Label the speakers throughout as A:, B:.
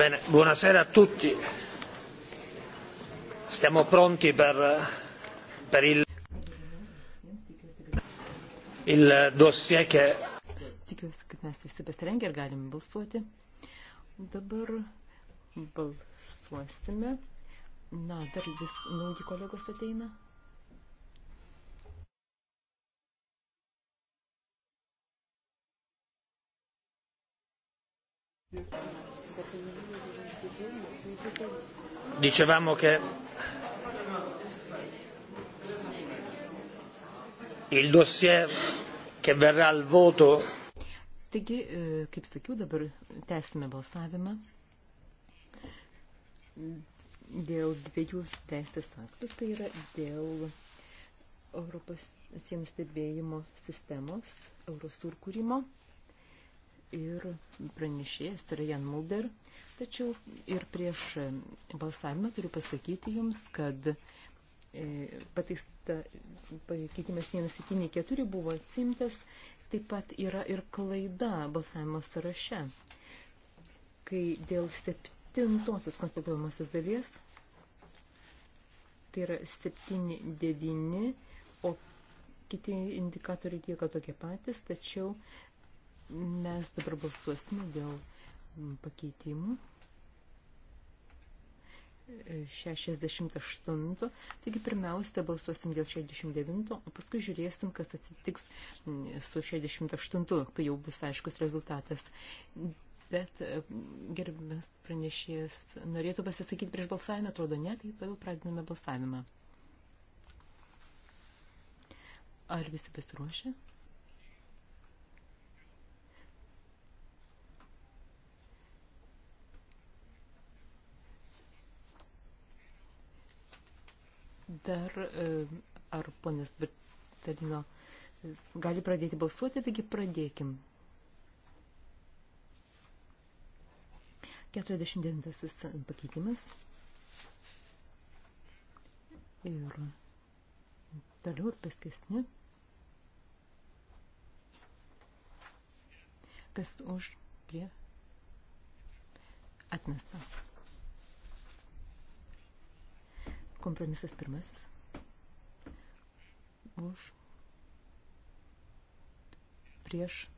A: Bene, buonasera a tutti. Siamo pronti per, per il, il dossier che.
B: Tikiuosi, kad mes visi pasirengę ir galime balsuoti. Dabar balsuosime. Na, dar vis nauji kolegos ateina.
C: Yes
A: dicevamo che il dossier che verrà al voto.
B: Taigi, e, kaip sakiau, dabar tęsime balsavimą dėl dviejų teisės aktų, tai yra dėl Europos sienų stebėjimo sistemos, Eurosur kūrimo ir pranešėjas tai yra Jan Mulder. Tačiau ir prieš balsavimą turiu pasakyti jums, kad e, pataista pakeitimas 174 buvo atsimtas, taip pat yra ir klaida balsavimo sąraše, kai dėl septintosios konstatuojamosios dalies, tai yra 7-9, o kiti indikatoriai lieka tokie patys, tačiau Mes dabar balsuosime dėl mm, pakeitimų. 68. E, Taigi pirmiausia, balsuosim dėl 69, o paskui žiūrėsim, kas atsitiks mm, su 68, kai jau bus aiškus rezultatas. Bet e, gerbimas pranešėjas norėtų pasisakyti prieš balsavimą, atrodo ne, tai todėl pradiname balsavimą. Ar visi pasiruošę? dar e, ar ponas Bertalino gali pradėti balsuoti, taigi pradėkim. 49 pakeitimas. Ir toliau ir paskesni. Kas už prie atmestą. Kompromisas pirmasis. Už. Prieš.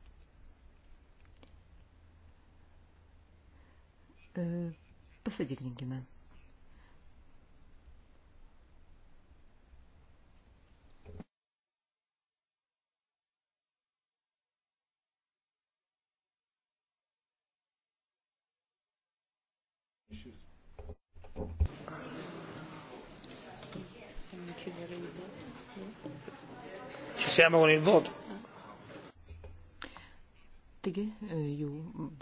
B: E, pasitikrinkime.
A: Siamo con il voto. Taigi, e, jų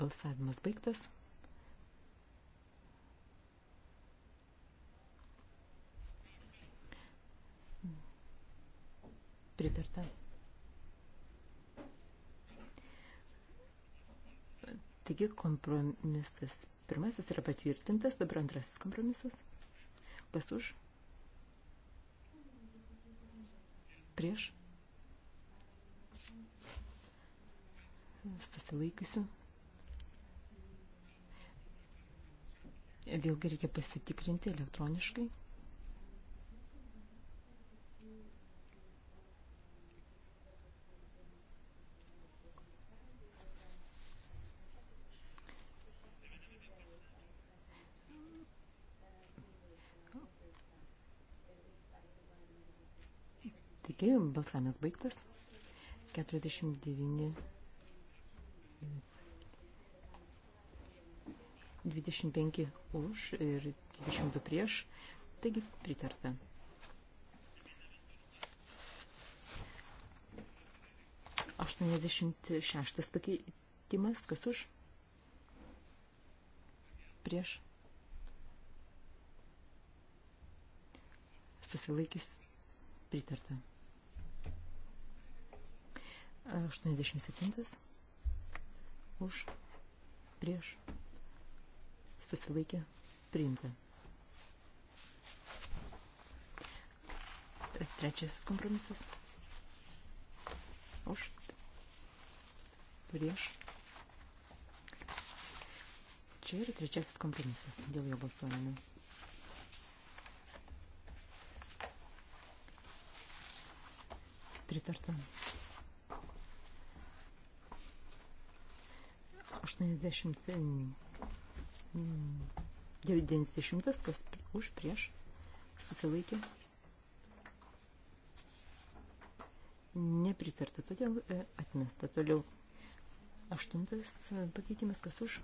B: balsavimas baigtas. Pritarta. Taigi, kompromisas pirmasis yra patvirtintas, dabar antrasis kompromisas. Kas už? Prieš? susilaikysiu. Vėlgi reikia pasitikrinti elektroniškai. Taigi, balsavimas baigtas. 49 25 už ir 22 prieš, taigi pritarta. Aštuoniasdešimt šeštas pakeitimas, kas už? Prieš. Susilaikys pritarta. Aštuoniasdešimt septintas už, prieš, susilaikė, priimta. Trečias kompromisas. Už, prieš. Čia yra trečiasis kompromisas dėl jo balsuojimo. Pritartam. 80. 90, mm, kas už, prieš, susilaikė. Nepritarta, todėl e, atmesta toliau. Aštuntas e, pakeitimas, kas už,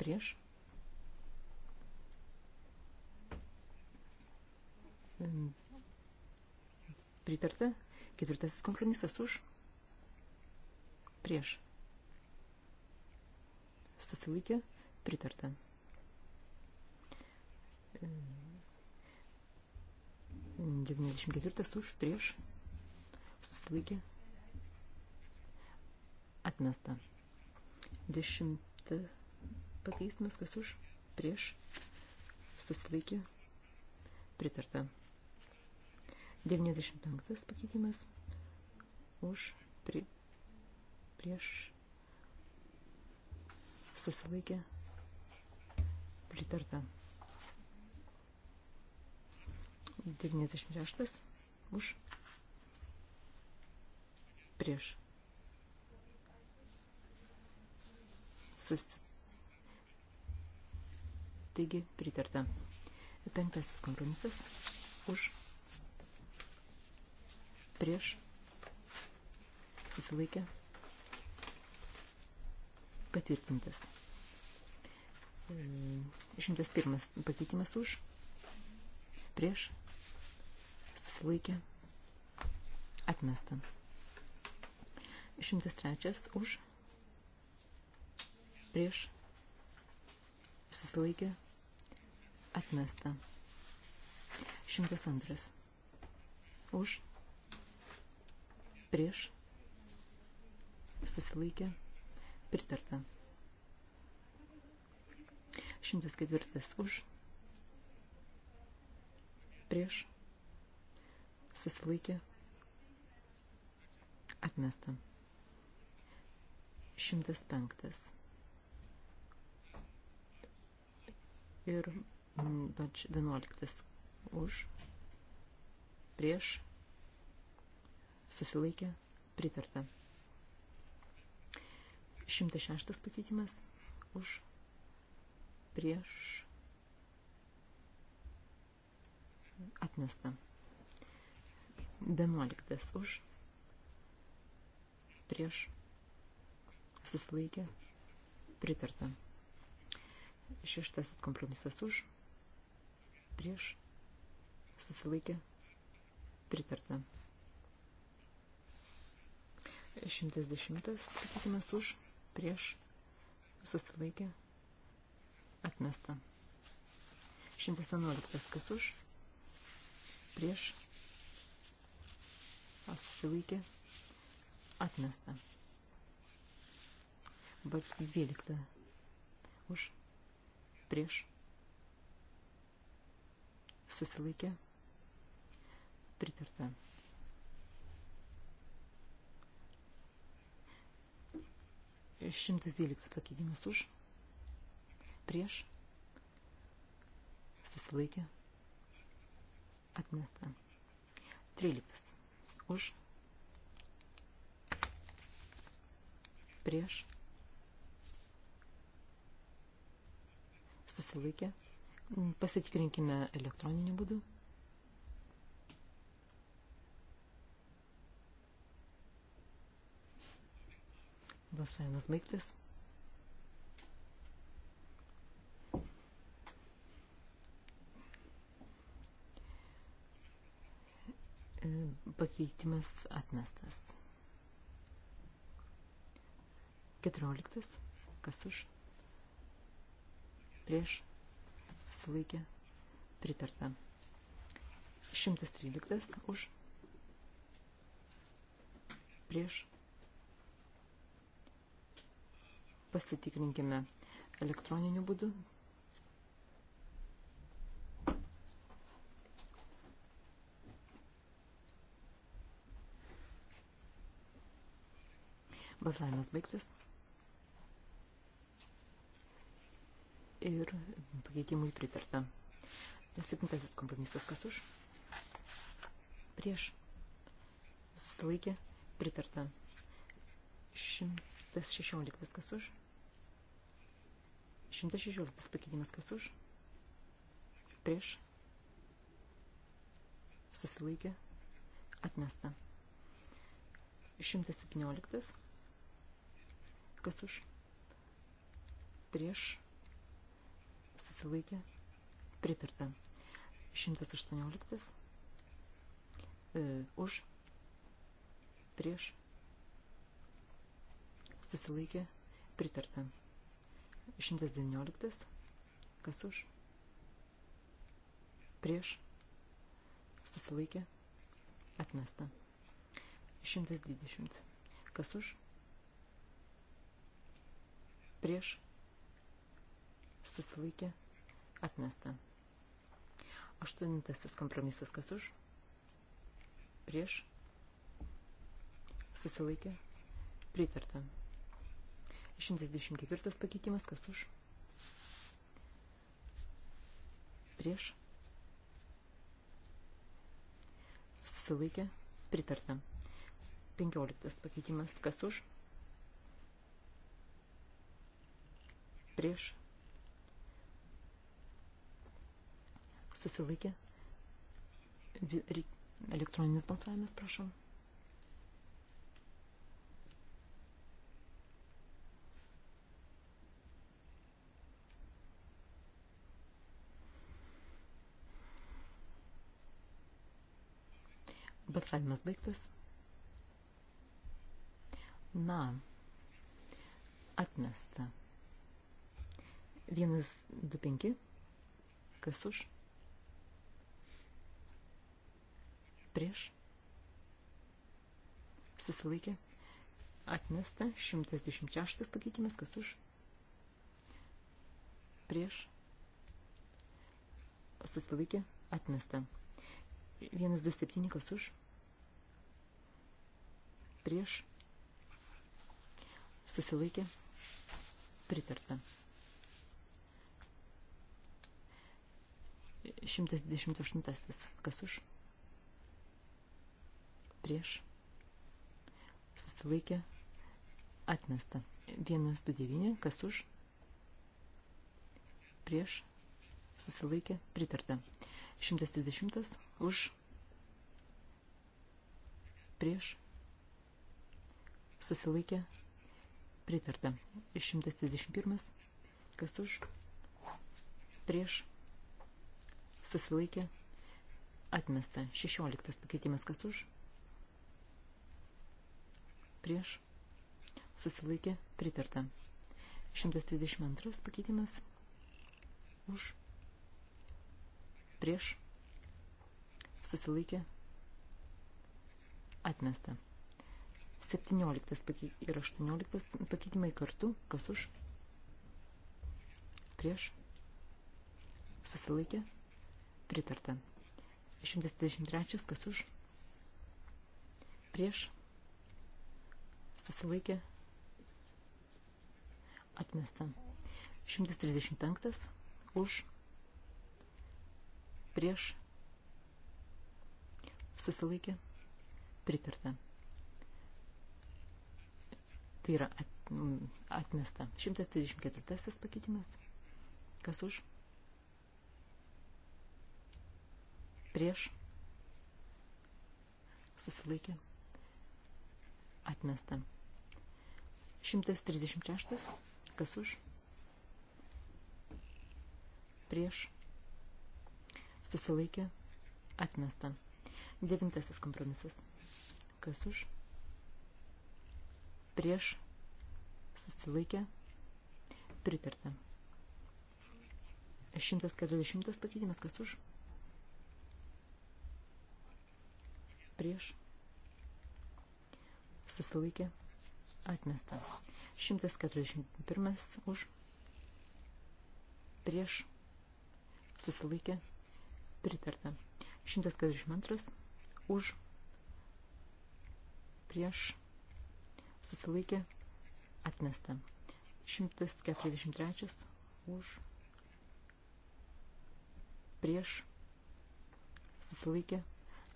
B: prieš. Mm, pritarta, ketvirtasis kompromisas už, prieš susilaikė, pritarta. Mm. 94 už, prieš, susilaikė, atmesta. 10 pakeismas, kas už, prieš, susilaikė, pritarta. 95 pakeitimas, už, pri, prieš, susilaikė, pritarta. 96 už, prieš. Sus. Taigi, pritarta. Penktasis kompromisas už, prieš, susilaikė, pritarta patvirtintas. 101 pakeitimas už, prieš, susilaikė, atmesta. 103 už, prieš, susilaikė, atmesta. 102 už, prieš, susilaikė, atmesta Pritarta. 104 už. Prieš. Susilaikė. Atmesta. 105. Ir mm, pač 11 už. Prieš. Susilaikė. Pritarta. 106 pakeitimas už prieš atmestą. 11 už prieš susilaikę pritarta. Šeštasis kompromisas už prieš susilaikę pritarta. 110 pakeitimas už prieš susilaikė atmesta. 111 kas už prieš susilaikė atmesta. Balsis 12 už prieš susilaikė pritarta. 112 pakeitimas už, prieš, susilaikė, atmesta. 13 už, prieš, susilaikė. Pasitikrinkime elektroniniu būdu. Balsavimas baigtas. E, pakeitimas atmestas. Keturioliktas. Kas už? Prieš. Susilaikė. Pritarta. Šimtas tryliktas už. Prieš pasitikrinkime elektroniniu būdu. Balsavimas baigtas. Ir pakeitimui pritarta. Septintasis kompromisas kas už? Prieš. Susilaikė. Pritarta. Šimtas šešioliktas kas už? 116 pakeitimas kas už? Prieš? Susilaikė? Atmesta. 117 kas už? Prieš? Susilaikė? Pritarta. 118 e, už? Prieš? Susilaikė? Pritarta. 119. Kas už? Prieš. Susilaikė. Atmesta. 120. Kas už? Prieš. Susilaikė. Atmesta. Aštuntasis kompromisas. Kas už? Prieš. Susilaikė. Pritarta. 124 pakeitimas, kas už? Prieš. Susilaikė. Pritarta. 15 pakeitimas, kas už? Prieš. Susilaikė. Elektroninis balsavimas, prašom. Balsavimas baigtas. Na, atmesta. Vienas, du, penki. Kas už? Prieš. Susilaikė. Atmesta. 116 pakeitimas. Kas už? Prieš. Susilaikė. Atmesta. 127 kas už? prieš, susilaikė, pritarta. 128. Kas už? Prieš. Susilaikė. Atmesta. 129. Kas už? Prieš. Susilaikė. Pritarta. 130. Už. Prieš susilaikė, pritarta. 131, kas už, prieš, susilaikė, atmesta. 16 pakeitimas, kas už, prieš, susilaikė, pritarta. 132 pakeitimas, už, prieš, susilaikė, atmesta. 17 ir 18 pakeitimai kartu, kas už, prieš, susilaikė, pritarta. 123, kas už, prieš, susilaikė, atmesta. 135, už, prieš, susilaikė, pritarta. Tai yra atmesta. 134 pakeitimas. Kas už? Prieš. Susilaikė. Atmesta. 136. Kas už? Prieš. Susilaikė. Atmesta. Devintasis kompromisas. Kas už? prieš susilaikė pritarta. 140 pakeitimas kas už? Prieš susilaikė atmesta. 141 už prieš susilaikė pritarta. 142 už prieš susilaikė, atmesta. 143 už, prieš, susilaikė,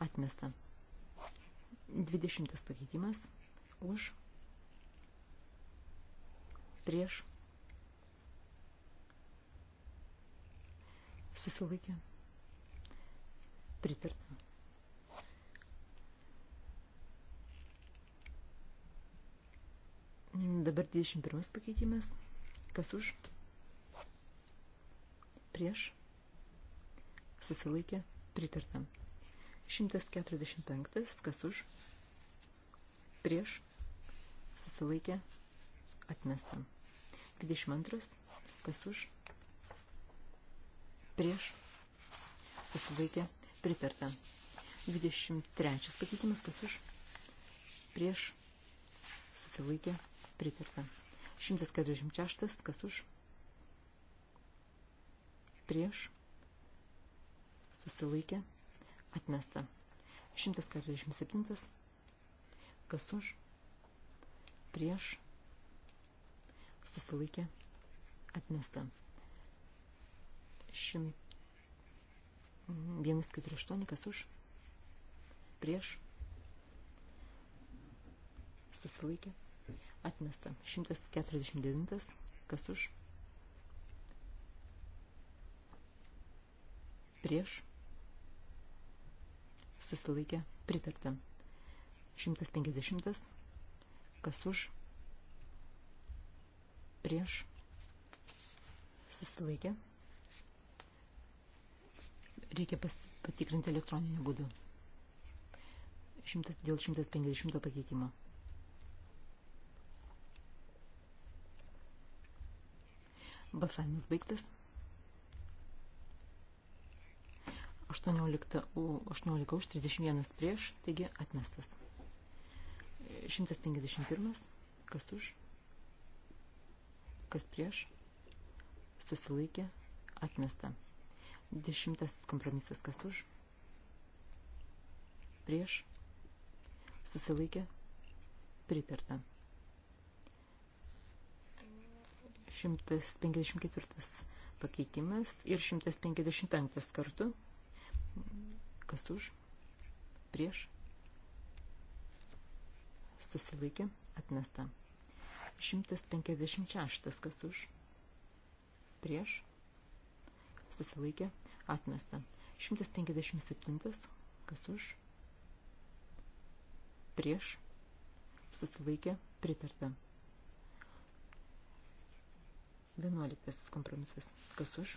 B: atmesta. 20 pakeitimas už, prieš, susilaikė, pritarta. Dabar 21 pakeitimas. Kas už? Prieš. Susilaikė. Pritarta. 145. Kas už? Prieš. Susilaikė. Atmesta. 22. Kas už? Prieš. Susilaikė. Pritarta. 23. Pakeitimas. Kas už? Prieš. Susilaikė. Pritarta Pritarta. 146. Kas už? Prieš. Susilaikė. Atmesta. 147. Kas už? Prieš. Susilaikė. Atmesta. 148. Kas už? Prieš. Susilaikė Atmesta. 149. Kas už? Prieš. Susilaikė. Pritarta. 150. Kas už? Prieš. Susilaikė. Reikia patikrinti elektroniniu būdu. 100, dėl 150 pakeitimo. Balsavimas baigtas. 18, 18 už 31 prieš, taigi atmestas. 151. Kas už? Kas prieš? Susilaikė. Atmesta. Dešimtasis kompromisas. Kas už? Prieš. Susilaikė. Pritarta. 154 pakeitimas ir 155 kartu. Kas už? Prieš? Susilaikė, atmesta. 156 kas už? Prieš? Susilaikė, atmesta. 157 kas už? Prieš? Susilaikė, pritarta. 11 kompromisas. Kas už?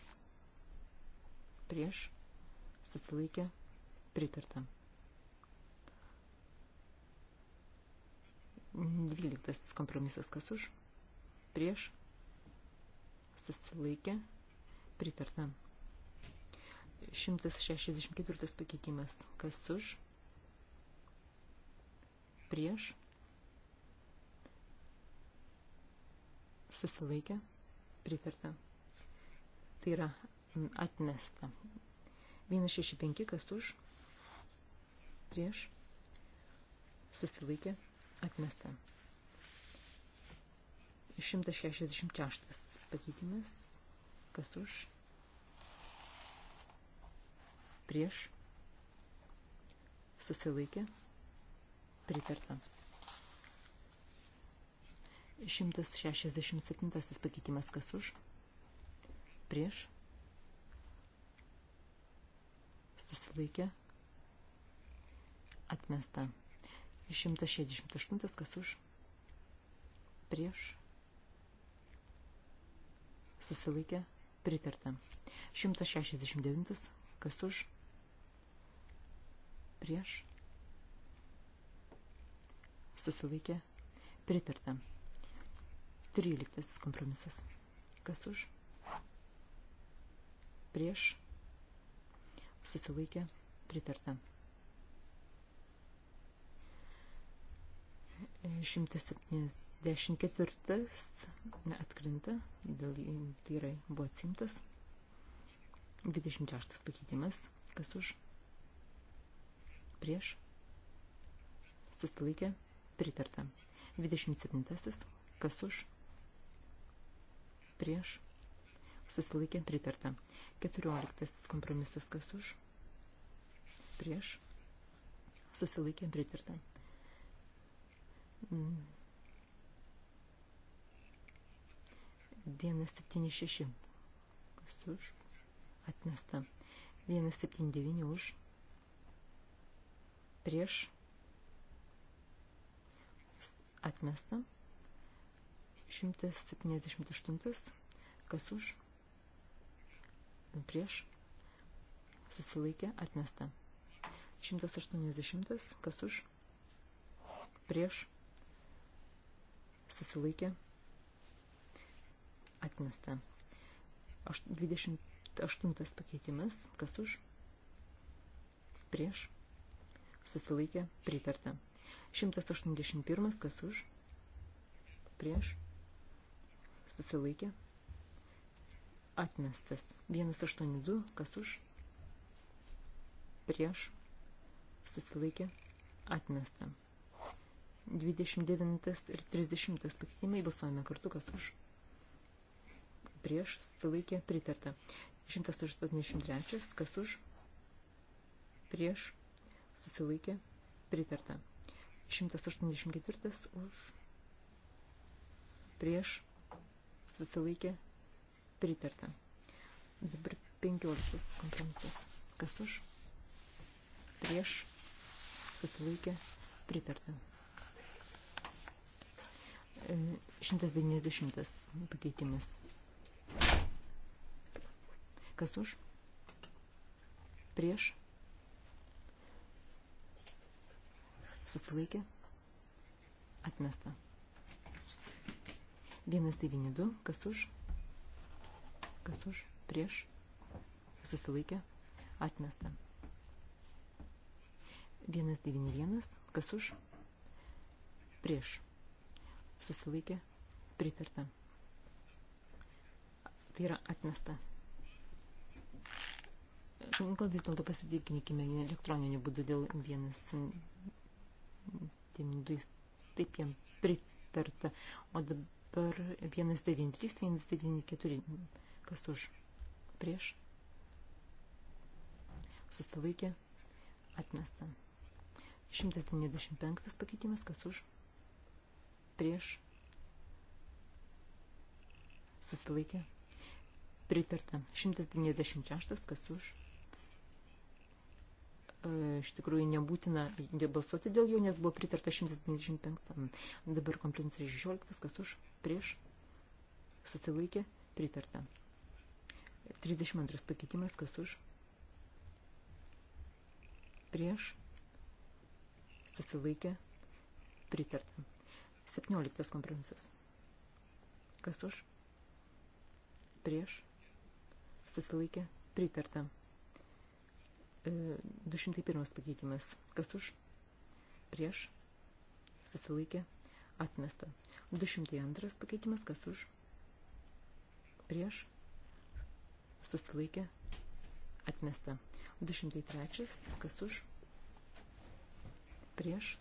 B: Prieš? Susilaikė? Pritarta. 12 kompromisas. Kas už? Prieš? Susilaikė? Pritarta. 164 pakeitimas. Kas už? Prieš? Susilaikė? Pritarta pritarta. Tai yra atmesta. 165 kas už, prieš, susilaikė, atmesta. 166 pakeitimas, kas už, prieš, susilaikė, pritarta. 167 pakeitimas kas už? Prieš? Susilaikė? Atmesta. 168 kas už? Prieš? Susilaikė? Pritarta. 169 kas už? Prieš? Susilaikė? Pritarta. 13 kompromisas. Kas už? Prieš. Susilaikė. Pritarta. 174 atkrinta, dėl tai yra buvo atsimtas. 26 pakeitimas. Kas už? Prieš. Susilaikė. Pritarta. 27. Kas už? prieš, susilaikė pritarta. 14 kompromisas kas už, prieš, susilaikė pritarta. Mm. Vienas septyni šeši. Kas už? Atmesta. Vienas septyni devyni už. Prieš. Atmesta. 178. Kas už? Prieš. Susilaikė. Atmesta. 180. Kas už? Prieš. Susilaikė. Atmesta. 28 pakeitimas. Kas už? Prieš. Susilaikė. Pritarta. 181. Kas už? Prieš susilaikė, atmestas. 182, kas už, prieš, susilaikė, atmesta. 29 ir 30 pakeitimai balsuojame kartu, kas už, prieš, susilaikė, pritarta. 183, kas už, prieš, susilaikė, pritarta. 184 už, prieš, susilaikė pritarta. Dabar 15 kompromisas. Kas už? Prieš susilaikė pritarta. 190 e, pakeitimas. Kas už? Prieš? Susilaikė? Atmesta. 192, kas už, kas už, prieš, susilaikė, atmesta. 191, kas už, prieš, susilaikė, pritarta. Tai yra atmesta. Gal vis dėlto pasitikinkime elektroniniu būdu dėl vienas timiduis. Taip jam pritarta. O dabar dabar 193, 194, kas už prieš susilaikė atmesta. 195 pakeitimas, kas už prieš susilaikė pritarta. 196, kas už e, iš tikrųjų nebūtina debalsuoti dėl jų, nes buvo pritarta 195. Dabar komplinis 16, kas už prieš, susilaikė, pritarta. 32 pakeitimas, kas už, prieš, susilaikė, pritarta. 17 kompromisas. Kas už, prieš, susilaikė, pritarta. 201 e, pakeitimas. Kas už? Prieš? Susilaikė? atmesta. 202 pakeitimas, kas už, prieš, susilaikė, atmesta. 203, kas už, prieš,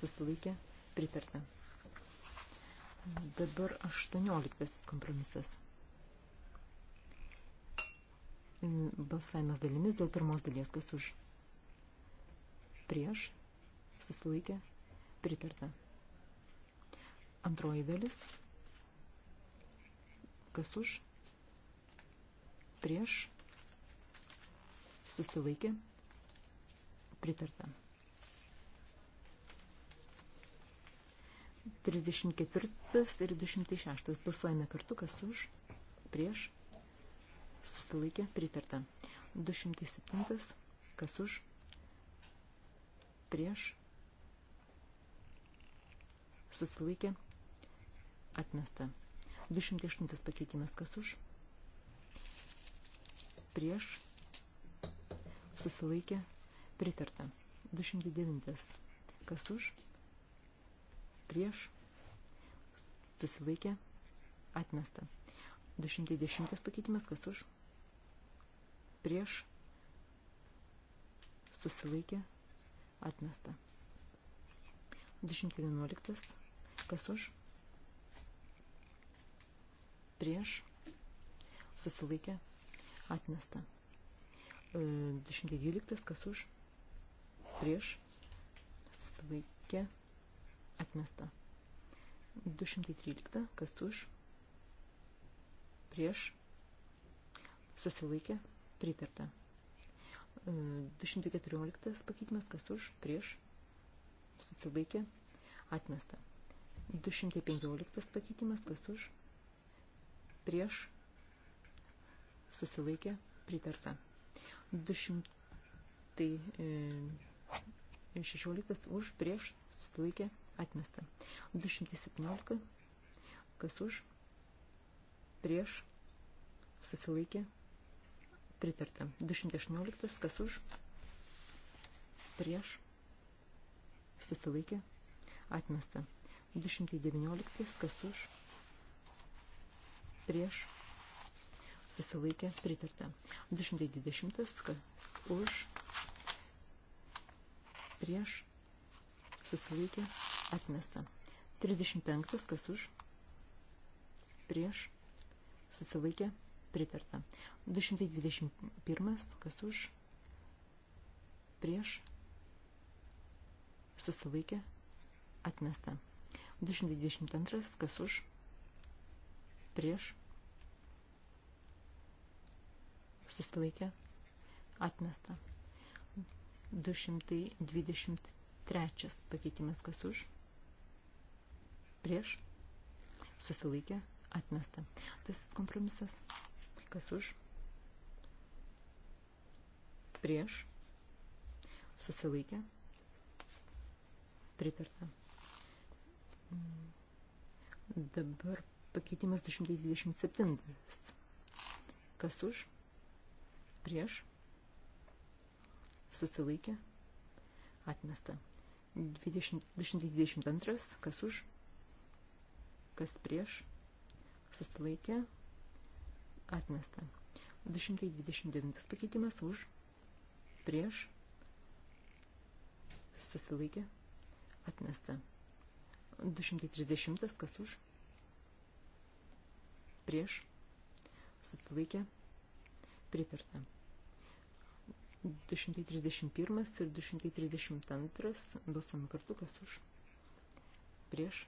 B: susilaikė, pritarta. Dabar 18 kompromisas. Balsavimas dalimis dėl pirmos dalies, kas už, prieš, susilaikė, pritarta. Antroji dalis. Kas už? Prieš. Susilaikė. Pritarta. 34 ir 206. Balsuojame kartu, kas už, prieš, susilaikė, pritarta. 207, kas už, prieš, susilaikė, Atmesta. 208 pakeitimas kas už? Prieš. Susilaikė. Pritarta. 209. Kas už? Prieš. Susilaikė. Atmesta. 210 pakeitimas kas už? Prieš. Susilaikė. Atmesta. 211. Kas už? prieš, susilaikė, atmesta. 212, e, kas už, prieš, susilaikė, atmesta. 213, kas už, prieš, susilaikė, pritarta. 214 e, pakeitimas, kas už, prieš, susilaikė, atmesta. 215 pakeitimas, kas už, prieš, susilaikė, pritarta. 216 e, už, prieš, susilaikė, atmesta. 217, kas už, prieš, susilaikė, pritarta. 218, kas už, prieš, susilaikė, atmesta. 219, kas už, prieš, prieš susilaikė pritarta. 220 kas už prieš susilaikė atmesta. 35 kas už prieš susilaikė pritarta. 221 kas už prieš susilaikė atmesta. 222 kas už prieš susilaikė, atmesta. 223 pakeitimas kas už, prieš, susilaikė, atmesta. Tas kompromisas, kas už, prieš, susilaikė, pritarta. Dabar pakeitimas 227. Kas už? prieš, susilaikė, atmesta. 20, 222, kas už, kas prieš, susilaikė, atmesta. 229 pakeitimas už, prieš, susilaikė, atmesta. 230 kas už, prieš, susilaikė, atmesta pritarta. 231 ir 232 balsuojame kartu, kas už. Prieš.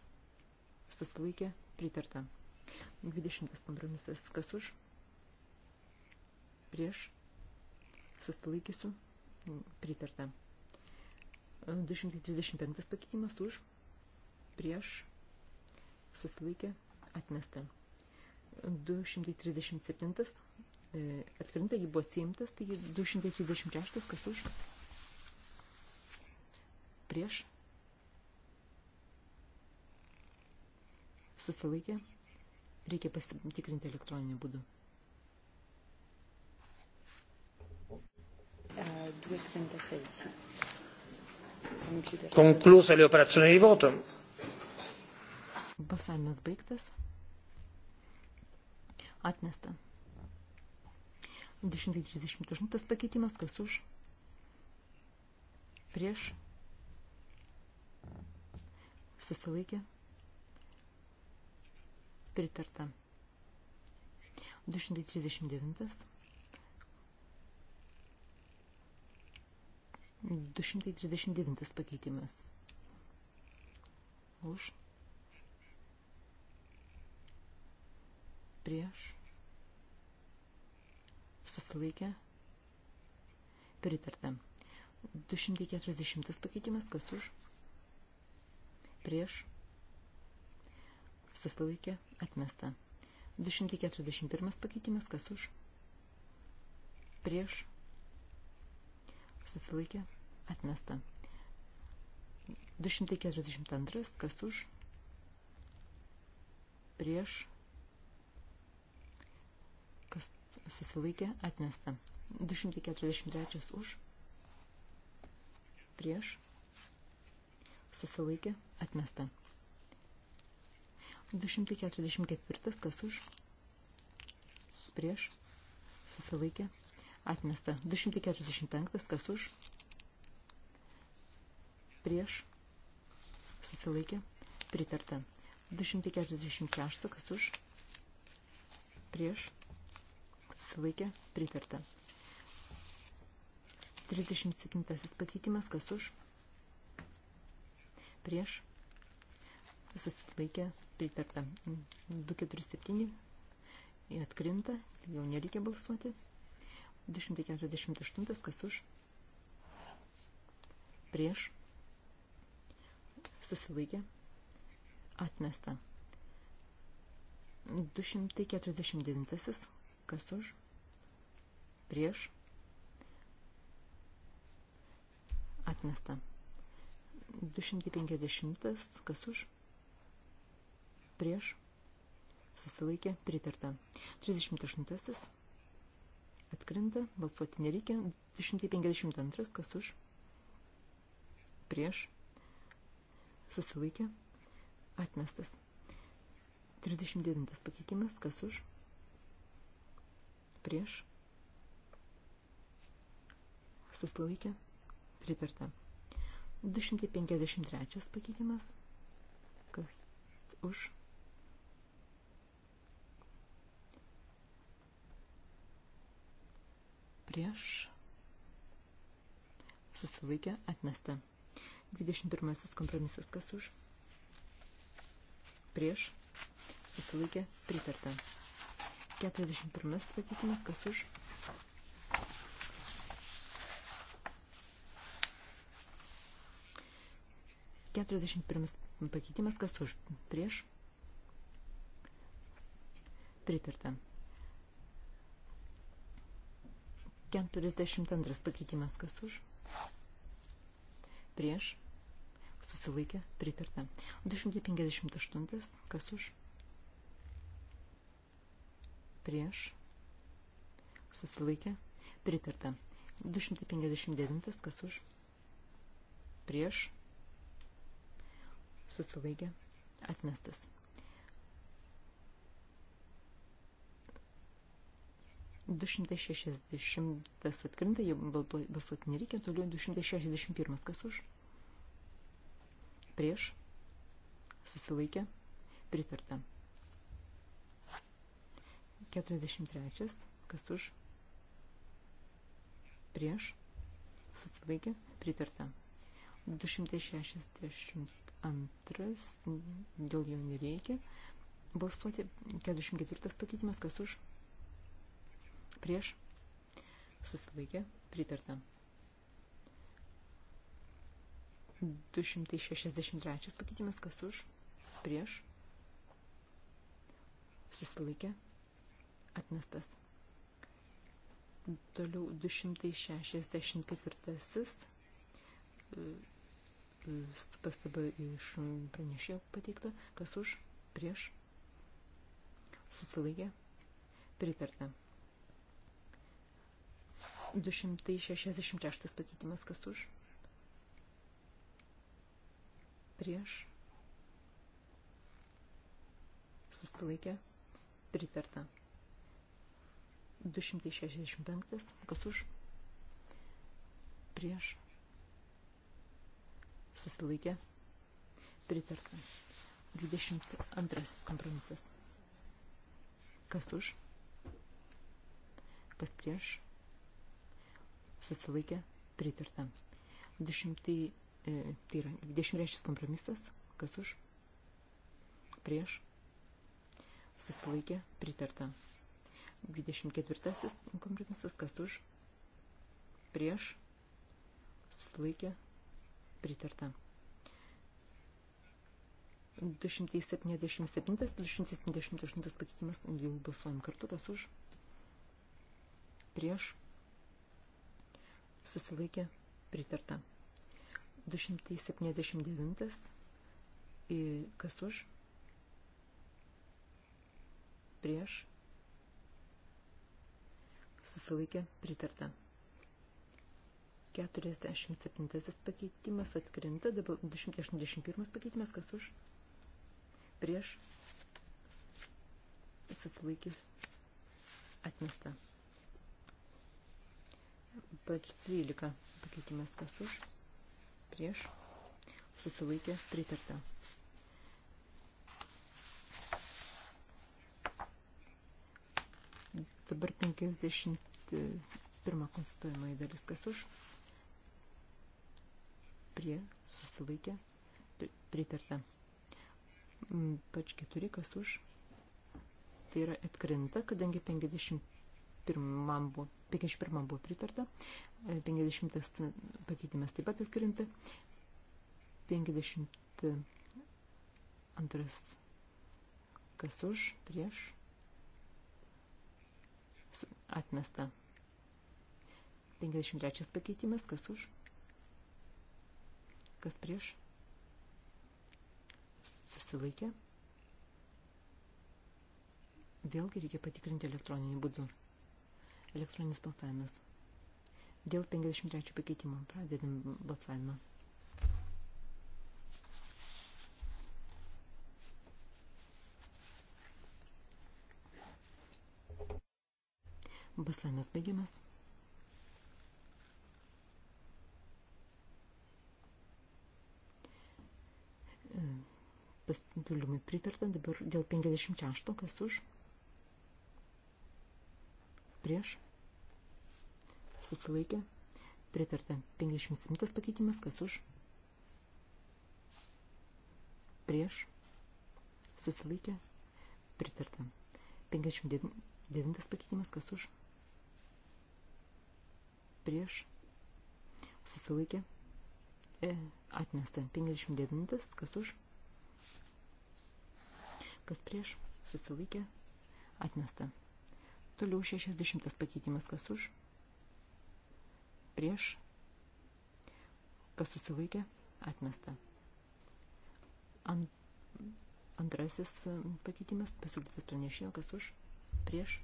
B: Susilaikė. Pritarta. 20 kompromisas. Kas už? Prieš. Susilaikysiu. Pritarta. 235 pakeitimas už. Prieš. Susilaikė. Atmesta. 237 E, atkrinta, jį buvo atsiimtas, tai 236, kas už? Prieš? Susilaikė? Reikia pasitikrinti elektroninį būdų. E, Conclusa
A: le operazioni di voto.
B: Balsavimas baigtas. Atmesta. 238 pakeitimas, kas už, prieš, susilaikė, pritarta. 239, 239 pakeitimas, už, prieš, susilaikė, pritarta. 240 pakeitimas, kas už, prieš, susilaikė, atmesta. 241 pakeitimas, kas už, prieš, susilaikė, atmesta. 242, kas už, prieš, susilaikė atmesta. 243 už, prieš, susilaikė atmesta. 244 kas už, prieš, susilaikė atmesta. 245 kas už, prieš, susilaikė pritarta. 246 kas už, prieš, susilaikė, pritarta. 37 pakeitimas, kas už, prieš, susilaikė, pritarta. 247 atkrinta, jau nereikia balsuoti. 248, kas už, prieš, susilaikė, atmesta. 249, kas už, prieš, atmesta. 250, kas už, prieš, susilaikė, pritarta. 38, atkrinta, balsuoti nereikia. 252, kas už, prieš, susilaikė, atmestas. 39 pakeitimas, kas už, prieš, susilaikė, pritarta. 253 pakeitimas, kas už. Prieš susilaikė, atmesta. 21 kompromisas, kas už. Prieš susilaikė, pritarta. 41 pakeitimas, kas už 41 pakeitimas, kas už, prieš, pritarta. 42 pakeitimas, kas už, prieš, susilaikė, pritarta. 258, kas už, prieš, susilaikė, pritarta. 259, kas už, prieš, prieš, susilaikė, atmestas. Du šimtai šešiasdešimtas atkrinta, jie balsuoti nereikia, toliau du šimtai šešiasdešimt pirmas, kas už? Prieš, susilaikė, pritarta. Keturiasdešimt trečias, kas už? Prieš, susilaikė, pritarta. 264 Antras, dėl jo nereikia balsuoti. 44 pakeitimas, kas už? Prieš? Susilaikė, pritarta. 263 pakeitimas, kas už? Prieš? Susilaikė, atmestas. Toliau 264 pastaba iš pranešėjo pateikta, kas už, prieš, susilaikė, pritarta. 266 pakeitimas, kas už, prieš, susilaikė, pritarta. 265, kas už, prieš, susilaikė, pritarta. 22 kompromisas. Kas už? Kas prieš? Susilaikė, pritarta. 20, e, tai yra 23 kompromisas. Kas už? Prieš? Susilaikė, pritarta. 24 kompromisas. Kas už? Prieš? Susilaikė, pritarta pritarta. 277-278 pakeitimas, jau balsuojam kartu, tas už, prieš, susilaikė, pritarta. 279, kas už, prieš, susilaikė, pritarta. 47 pakeitimas atkrinta, dabar 281 pakeitimas, kas už? Prieš susilaikys atmesta. Pač 13 pakeitimas, kas už? Prieš susilaikė pritarta. Dabar 51 konstituojamoji dalis, kas už? prie susilaikė pritarta. Mm, pač keturi, kas už, tai yra atkrinta, kadangi 51 buvo, 51 buvo pritarta, 50 e, pakeitimas taip pat atkrinta, 52 kas už, prieš, atmesta. 53 pakeitimas, kas už, kas prieš, susilaikė. Vėlgi reikia patikrinti elektroninį būdų. Elektroninis balsavimas. Dėl 53 pakeitimo pradedam balsavimą. Balsavimas baigiamas. pasiūlymui pritarta, dabar dėl 56, kas už, prieš, susilaikė, pritarta 57 pakeitimas, kas už, prieš, susilaikė, pritarta 59 pakeitimas, kas už, prieš, susilaikė, e, atmesta 59, kas už, kas prieš, susilaikė, atmesta. Toliau 60 pakeitimas, kas už, prieš, kas susilaikė, atmesta. Ant, antrasis pakeitimas, pasiūlytas pranešėjo, kas už, prieš,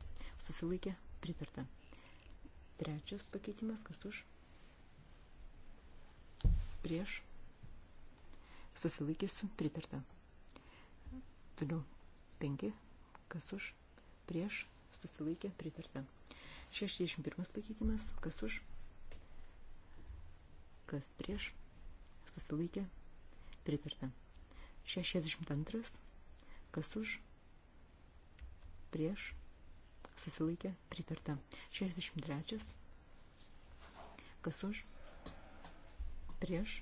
B: susilaikė, pritarta. Trečias pakeitimas, kas už, prieš, susilaikysiu, pritarta. Toliau, 5, kas už, prieš, susilaikė, pritarta. 61 pakeitimas, kas už, kas prieš, susilaikė, pritarta. 62, kas už, prieš, susilaikė, pritarta. 63, kas už, prieš,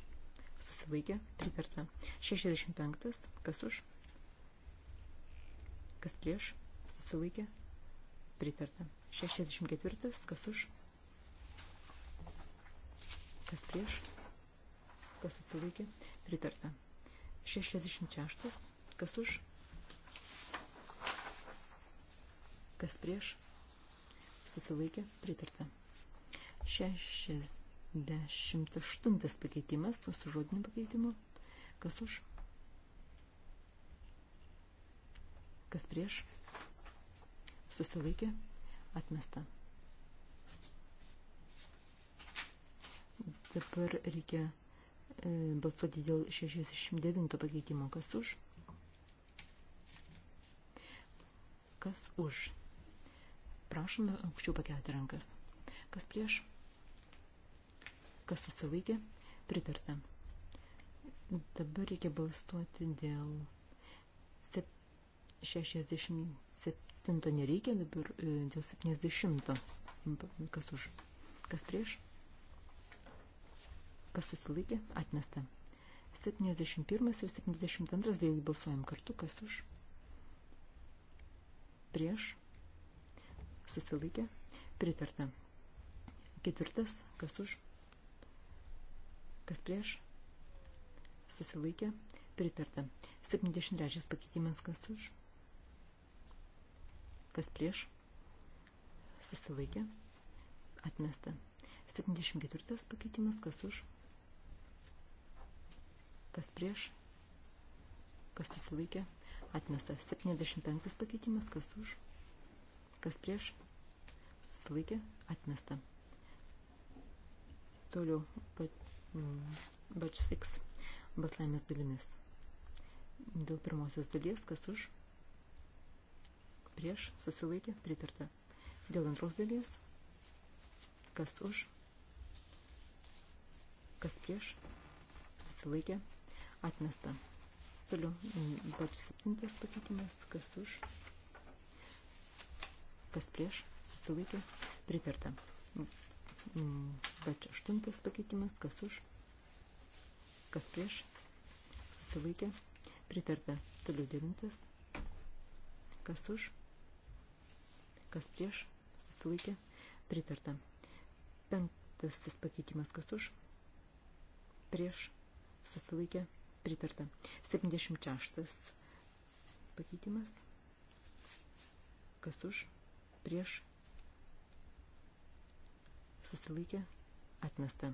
B: susilaikė, pritarta. 65, kas už, prieš, Kas prieš? Susilaikė. Pritarta. 64. Kas už? Kas prieš? Kas susilaikė? Pritarta. 66. Kas už? Kas prieš? Susilaikė. Pritarta. 68 pakeitimas, kas su žodiniu pakeitimu. Kas už? Kas prieš? Susilaikė. Atmesta. Dabar reikia e, balsuoti dėl 69 pakeitimo. Kas už? Kas už? Prašome aukščiau pakelti rankas. Kas prieš? Kas susilaikė? Pritarta. Dabar reikia balsuoti dėl 67 nereikia, dabar e, dėl 70. Kas už? Kas prieš? Kas susilaikė? Atmesta. 71 ir 72 dėl balsuojam kartu. Kas už? Prieš? Susilaikė? Pritarta. Ketvirtas. Kas už? Kas prieš? Susilaikė? Pritarta. 73 pakeitimas. Kas už? kas prieš, susilaikė, atmesta. 74 pakeitimas, kas už, kas prieš, kas susilaikė, atmesta. 75 pakeitimas, kas už, kas prieš, susilaikė, atmesta. Toliau, mm, batch 6, batlaimės dalimis. Dėl pirmosios dalies, kas už, prieš, susilaikė, pritarta. Dėl antros dalies, kas už, kas prieš, susilaikė, atmesta. Toliau, ypač septintas pakeitimas, kas už, kas prieš, susilaikė, pritarta. Ypač aštuntas pakeitimas, kas už, kas prieš, susilaikė, pritarta. Toliau devintas, kas už, kas prieš, susilaikė, pritarta. Penktasis pakeitimas, kas už, prieš, susilaikė, pritarta. 76 pakeitimas, kas už, prieš, susilaikė, atmesta.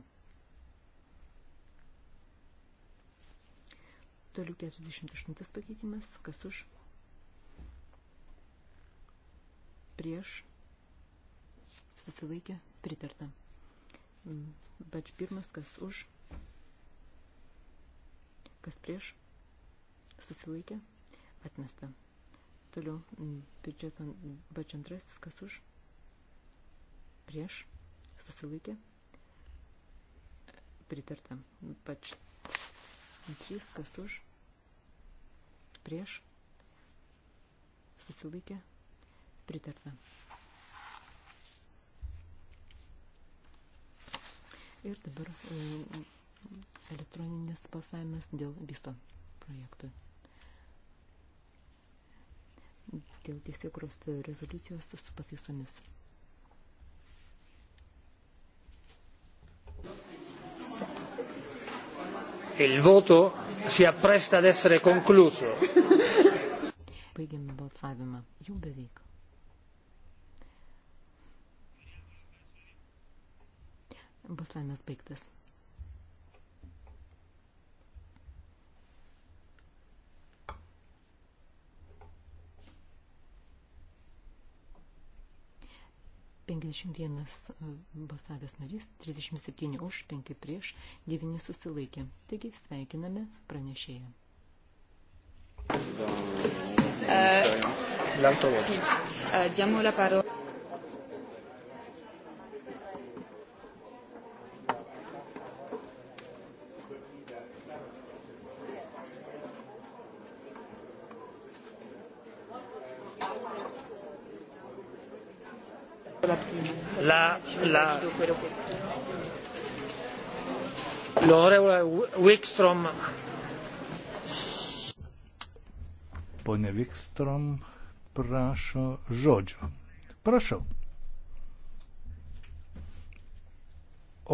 B: Toliau 48 pakeitimas, kas už, prieš susilaikė pritarta. Bač mm, pirmas, kas už, kas prieš susilaikė atmesta. Toliau mm, biudžeto bač antrasis, kas už, prieš susilaikė pritarta. Bač trys, kas už, prieš susilaikė pritarta pritarta. Ir dabar e, elektroninis pasavimas dėl viso projektų. Dėl teisėkros rezoliucijos su pataisomis.
A: Il voto si appresta ad essere concluso. Baigiame balsavimą. Jau beveik.
B: Balsavimas baigtas. Penkiasdešimt vienas e, balsavęs narys, 37 už, 5 prieš, 9 susilaikė. Taigi sveikiname pranešėją.
D: Uh, sì. uh, diamo la parola. Pone Vikstrom prašo žodžio. Prašau.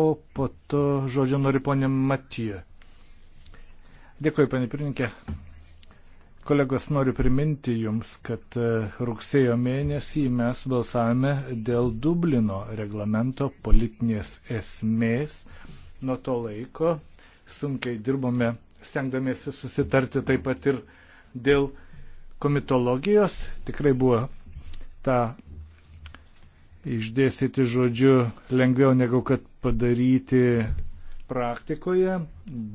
D: O po to žodžio nori ponė Matija. Dėkuoju, panė pirmininkė. Kolegos, noriu priminti Jums, kad e, rugsėjo mėnesį mes balsavome dėl Dublino reglamento politinės esmės. Nuo to laiko sunkiai dirbome, stengdamėsi susitarti taip pat ir dėl komitologijos. Tikrai buvo tą išdėstyti žodžiu lengviau negu kad padaryti praktikoje,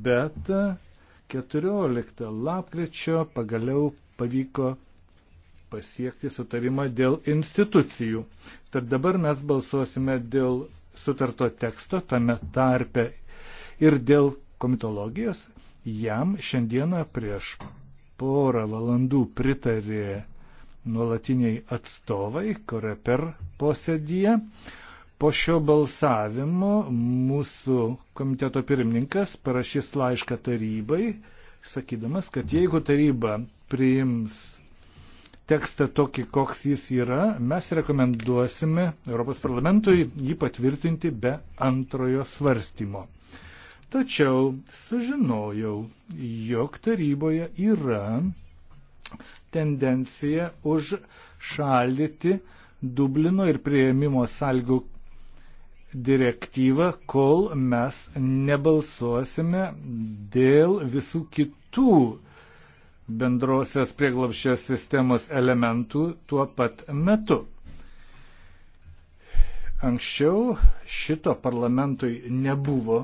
D: bet 14 lapkričio pagaliau pavyko pasiekti sutarimą dėl institucijų. Tad dabar mes balsuosime dėl sutarto teksto, tame tarpe ir dėl komitologijos, jam šiandieną prieš porą valandų pritarė nuolatiniai atstovai, kurie per posėdyje. Po šio balsavimo mūsų komiteto pirmininkas parašys laišką tarybai, sakydamas, kad jeigu taryba priims tekstą tokį, koks jis yra, mes rekomenduosime Europos parlamentui jį patvirtinti be antrojo svarstymo. Tačiau sužinojau, jog taryboje yra tendencija užšaldyti Dublino ir prieimimo sąlygų direktyvą, kol mes nebalsuosime dėl visų kitų bendrosios prieglapščios sistemos elementų tuo pat metu. Anksčiau šito parlamentui nebuvo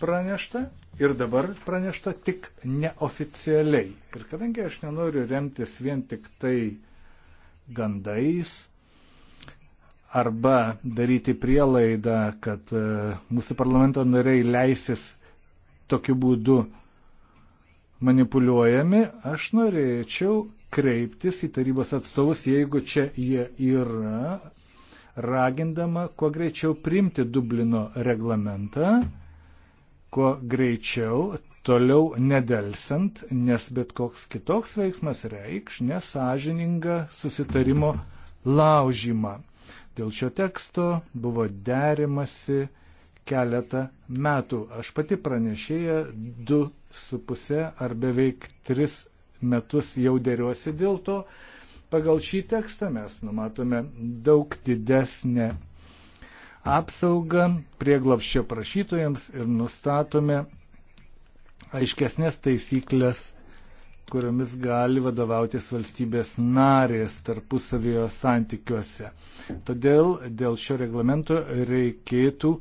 D: pranešta ir dabar pranešta tik neoficialiai. Ir kadangi aš nenoriu remtis vien tik tai gandais arba daryti prielaidą, kad e, mūsų parlamento nariai leisis tokiu būdu manipuliuojami, aš norėčiau kreiptis į tarybos atstovus, jeigu čia jie yra, ragindama kuo greičiau priimti Dublino reglamentą kuo greičiau, toliau nedelsant, nes bet koks kitoks veiksmas reikš nesažiningą susitarimo laužymą. Dėl šio teksto buvo derimasi keletą metų. Aš pati pranešėja du su pusė ar beveik tris metus jau dėriuosi dėl to. Pagal šį tekstą mes numatome daug didesnę apsaugą prieglopščio prašytojams ir nustatome aiškesnės taisyklės, kuriomis gali vadovautis valstybės narės tarpusavio santykiuose. Todėl dėl šio reglamento reikėtų uh,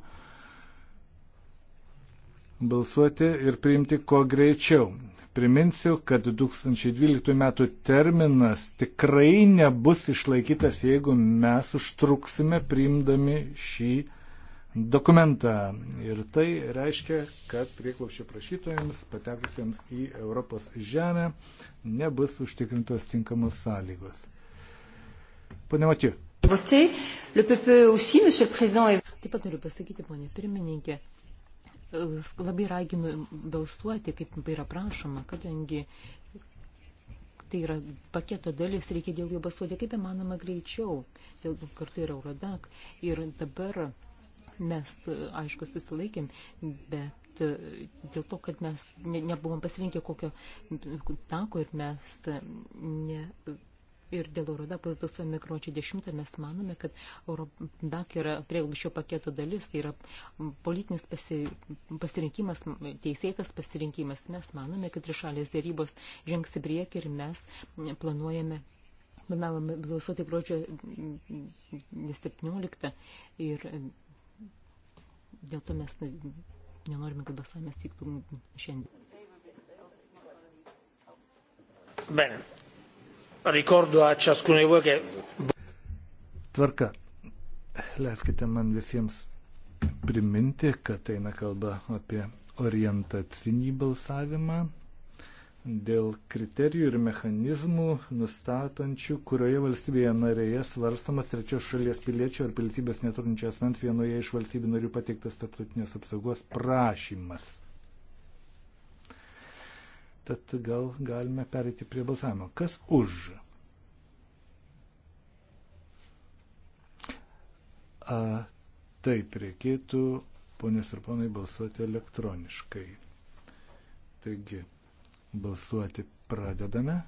D: balsuoti ir priimti kuo greičiau. Priminsiu, kad 2012 metų terminas tikrai nebus išlaikytas, jeigu mes užtruksime priimdami šį dokumentą. Ir tai reiškia, kad prieklaušio prašytojams patekusiems į Europos žemę nebus užtikrintos tinkamos sąlygos. Pane Matiu.
B: E Taip pat noriu pasakyti, ponė pirmininkė, labai raginu balsuoti, kaip yra prašoma, kadangi tai yra paketo dalis, reikia dėl jo balsuoti kaip įmanoma greičiau. Dėl kartu yra Eurodak ir dabar mes, aišku, susilaikėm, bet e, dėl to, kad mes ne, nebuvom pasirinkę kokio tako ir mes e, ne ir dėl Eurodapos dusuojame gruodžio 10 mes manome, kad Eurodak yra prieglobščio paketo dalis, tai yra politinis pasi, pasirinkimas, teisėtas pasirinkimas. Mes manome, kad trišalės dėrybos žengs į priekį ir mes planuojame. Planavome balsuoti gruodžio 17 ir dėl to mes nenorime, kad balsavimas vyktų šiandien.
A: Bene ricordo a ciascuno di voi che...
D: Tvarka. Leiskite man visiems priminti, kad eina kalba apie orientacinį balsavimą dėl kriterijų ir mechanizmų nustatančių, kurioje valstybėje narėje svarstamas trečios šalies piliečio ar pilietybės neturinčio asmens vienoje iš valstybių narių pateiktas tarptautinės apsaugos prašymas. Tad gal galime pereiti prie balsavimo. Kas už? A, taip, reikėtų, ponės ir ponai, balsuoti elektroniškai. Taigi, balsuoti pradedame.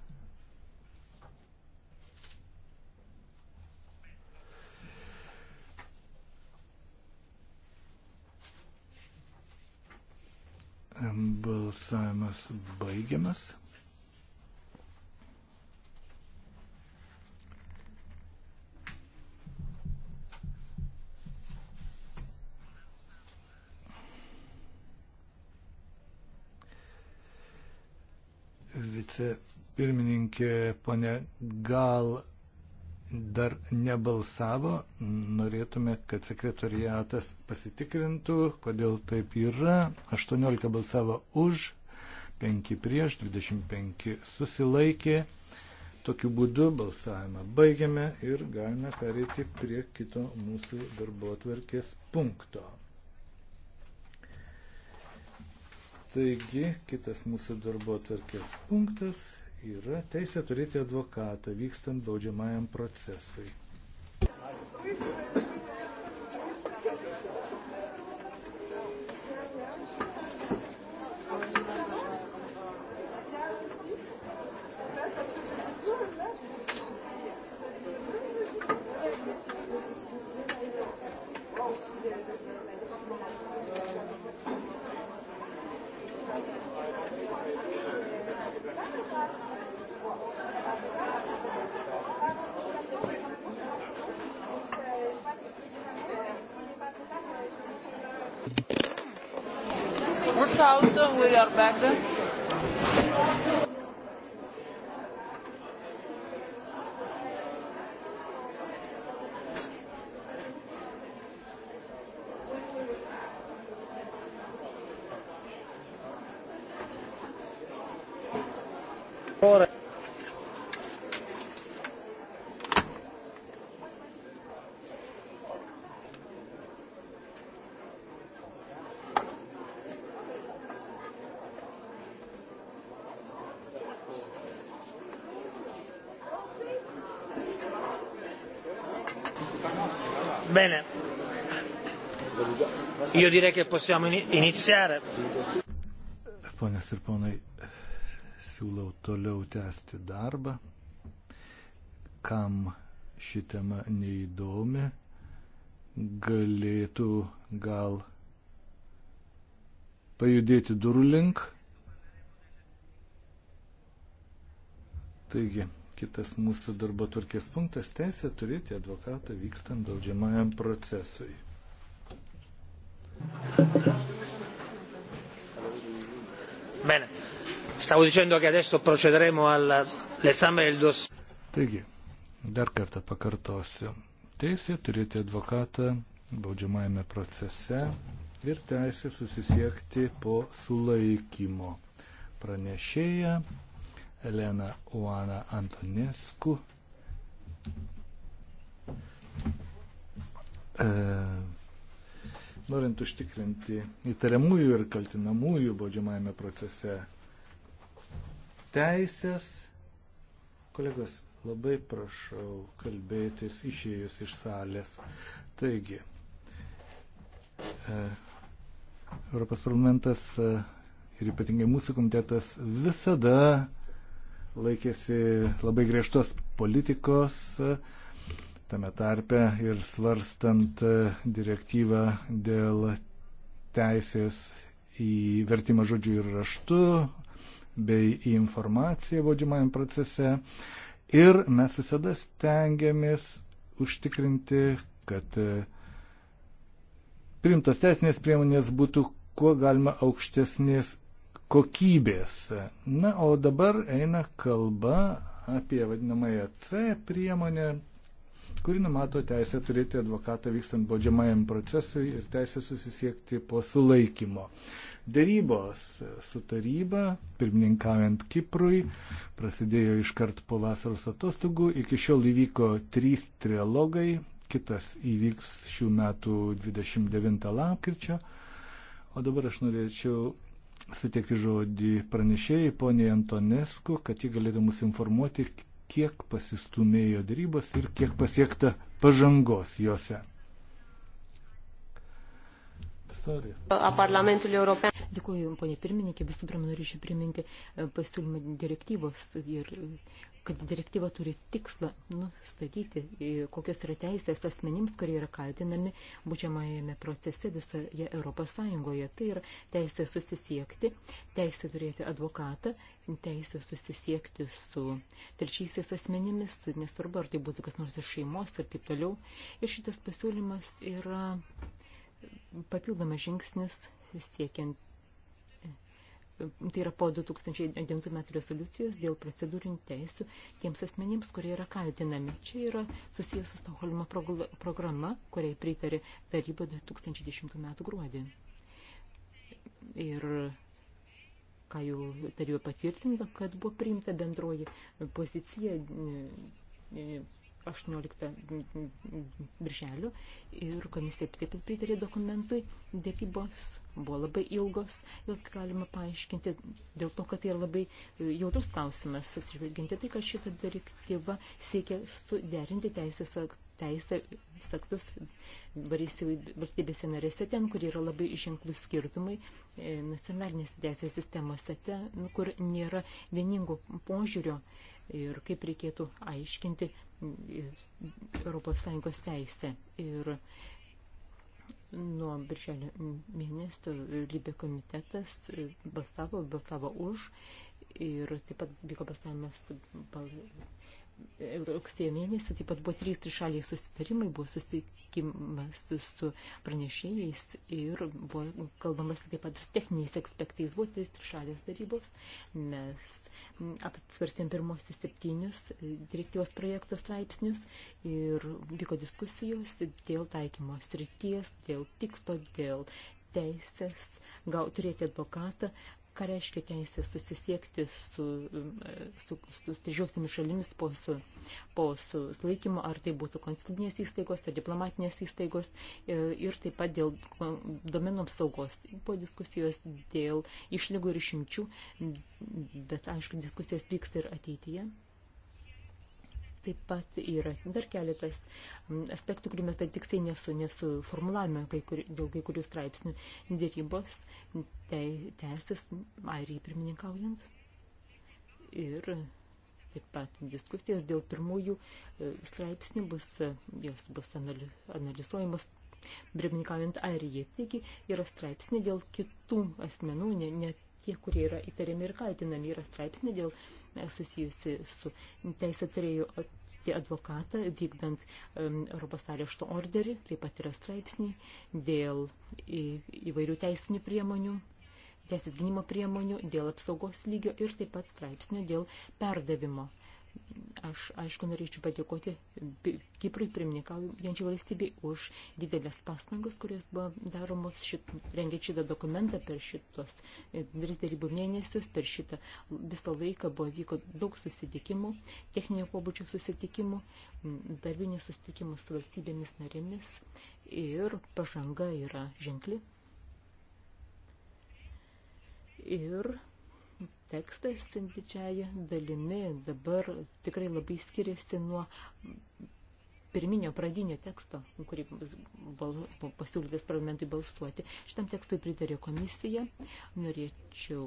D: Balsavimas baigiamas. Vice pirmininkė ponė Gal dar nebalsavo, norėtume, kad sekretoriatas pasitikrintų, kodėl taip yra. 18 balsavo už, 5 prieš, 25 susilaikė. Tokiu būdu balsavimą baigiame ir galime pereiti prie kito mūsų darbo atverkės punkto. Taigi, kitas mūsų darbo atverkės punktas yra teisė turėti advokatą vykstant baudžiamajam procesui. Thank you.
A: your bag. Bene, io direi che possiamo iniziare.
D: Ponas ir ponai, siūlau toliau tęsti darbą. Kam ši tema neįdomi, galėtų gal pajudėti durų link. Taigi, Kitas mūsų darbo turkės punktas - teisė turėti advokatą vykstant baudžiamajam procesui. Bene, stavo dicendo
A: che adesso procederemo all'esame del dossier.
D: Taigi, dar kartą pakartosiu. Teisė turėti advokatą baudžiamajame procese ir teisė susisiekti po sulaikymo pranešėja Elena Uana Antonescu. E, norint užtikrinti įtariamųjų ir kaltinamųjų baudžiamajame procese teisės, kolegos, labai prašau kalbėtis išėjus iš salės. Taigi, e, Europos parlamentas e, ir ypatingai mūsų komitetas visada laikėsi labai griežtos politikos, tame tarpe ir svarstant direktyvą dėl teisės į vertimą žodžiu ir raštu bei į informaciją baudžiamajam procese. Ir mes visada stengiamės užtikrinti, kad e, primtos teisinės priemonės būtų kuo galima aukštesnės kokybės. Na, o dabar eina kalba apie vadinamąją C priemonę, kuri numato teisę turėti advokatą vykstant baudžiamajam procesui ir teisę susisiekti po sulaikymo. Dėrybos su taryba, pirmininkaujant Kiprui, prasidėjo iškart po vasaros atostogų, iki šiol įvyko trys trilogai, kitas įvyks šių metų 29 lapkričio. O dabar aš norėčiau suteikti žodį pranešėjai poniai Antonesku, kad ji galėtų mus informuoti, kiek pasistumėjo darybos ir kiek pasiekta pažangos juose. Sorry.
B: Dėkuoju, ponė pirmininkė, visų pirma norėčiau priminti e, pasiūlymą direktyvos ir kad direktyva turi tikslą nustatyti, kokios yra teisės asmenims, kurie yra kaltinami būčiamajame procese visoje Europos Sąjungoje. Tai yra teisė susisiekti, teisė turėti advokatą, teisė susisiekti su trečiaisiais asmenimis, nesvarbu, ar tai būtų kas nors iš šeimos ir taip toliau. Ir šitas pasiūlymas yra papildomas žingsnis siekiant tai yra po 2009 metų rezoliucijos dėl procedūrinių teisų tiems asmenims, kurie yra kaltinami. Čia yra susijęs su Stokholmo programa, kuriai pritarė taryba 2010 metų gruodį. Ir ką jau taryba patvirtino, kad buvo priimta bendroji pozicija 18 birželio ir komisija taip pat pritarė dokumentui. Dėrybos buvo labai ilgos, jos galima paaiškinti dėl to, kad tai labai jautrus klausimas, atsižvelginti tai, kad šita direktyva siekia suderinti teisės aktus teisę saktus valstybėse narėse ten, kur yra labai ženklus skirtumai e, nacionalinėse teisės sistemose, ten, kur nėra vieningo požiūrio ir kaip reikėtų aiškinti Europos Sąjungos teisę. Ir nuo birželio mėnesio Libė komitetas balsavo, balsavo už ir taip pat vyko balsavimas bal, rugsėjo mėnesį taip pat buvo trys trišaliai susitarimai, buvo susitikimas su pranešėjais ir buvo kalbamas taip pat su techniniais ekspertais, buvo trys trišalės darybos. Mes apsvarstėm pirmosius septynius direktyvos projektų straipsnius ir vyko diskusijos dėl taikymo srities, dėl tikslo, dėl teisės, gal turėti advokatą, ką reiškia teisė susisiekti su, su, su trečiosiomis šalimis po, su, po sulaikymo, ar tai būtų konstitucinės įstaigos ar diplomatinės įstaigos ir, e, ir taip pat dėl domenų apsaugos. Buvo diskusijos dėl išlygų ir išimčių, bet aišku, diskusijos vyksta ir ateityje. Taip pat yra dar keletas aspektų, kurių mes dar tiksliai nesu, nesuformulavome kai kur, dėl kai kurių straipsnių. Dėrybos tęsis Airijai pirmininkaujant. Ir taip pat diskusijas dėl pirmųjų e, straipsnių bus, e, jos bus analizuojamos pirmininkaujant Airijai. Taigi yra straipsniai dėl kitų asmenų, ne, net tie, kurie yra įtariami ir kaltinami, yra straipsnė dėl e, susijusi su teisė turėjo advokatą vykdant um, Europos arešto orderį, taip pat yra straipsniai dėl į, įvairių teisinių priemonių, teisės gynimo priemonių, dėl apsaugos lygio ir taip pat straipsnių dėl perdavimo. Uh, Aš, aišku, norėčiau padėkoti Kiprui pirmininkaujančiai valstybei už didelės pastangas, kurios buvo daromos šit, rengiant šitą dokumentą per šitos e, tris darybų mėnesius, per šitą visą laiką buvo vyko daug susitikimų, techninio pobūdžio susitikimų, darbinių susitikimų su valstybėmis narėmis ir pažanga yra ženkli. Ir tekstas didžiaja dalimi dabar tikrai labai skiriasi nuo pirminio pradinio teksto, kurį buvo pasiūlytas parlamentui balsuoti. Šitam tekstui pritarė komisija. Norėčiau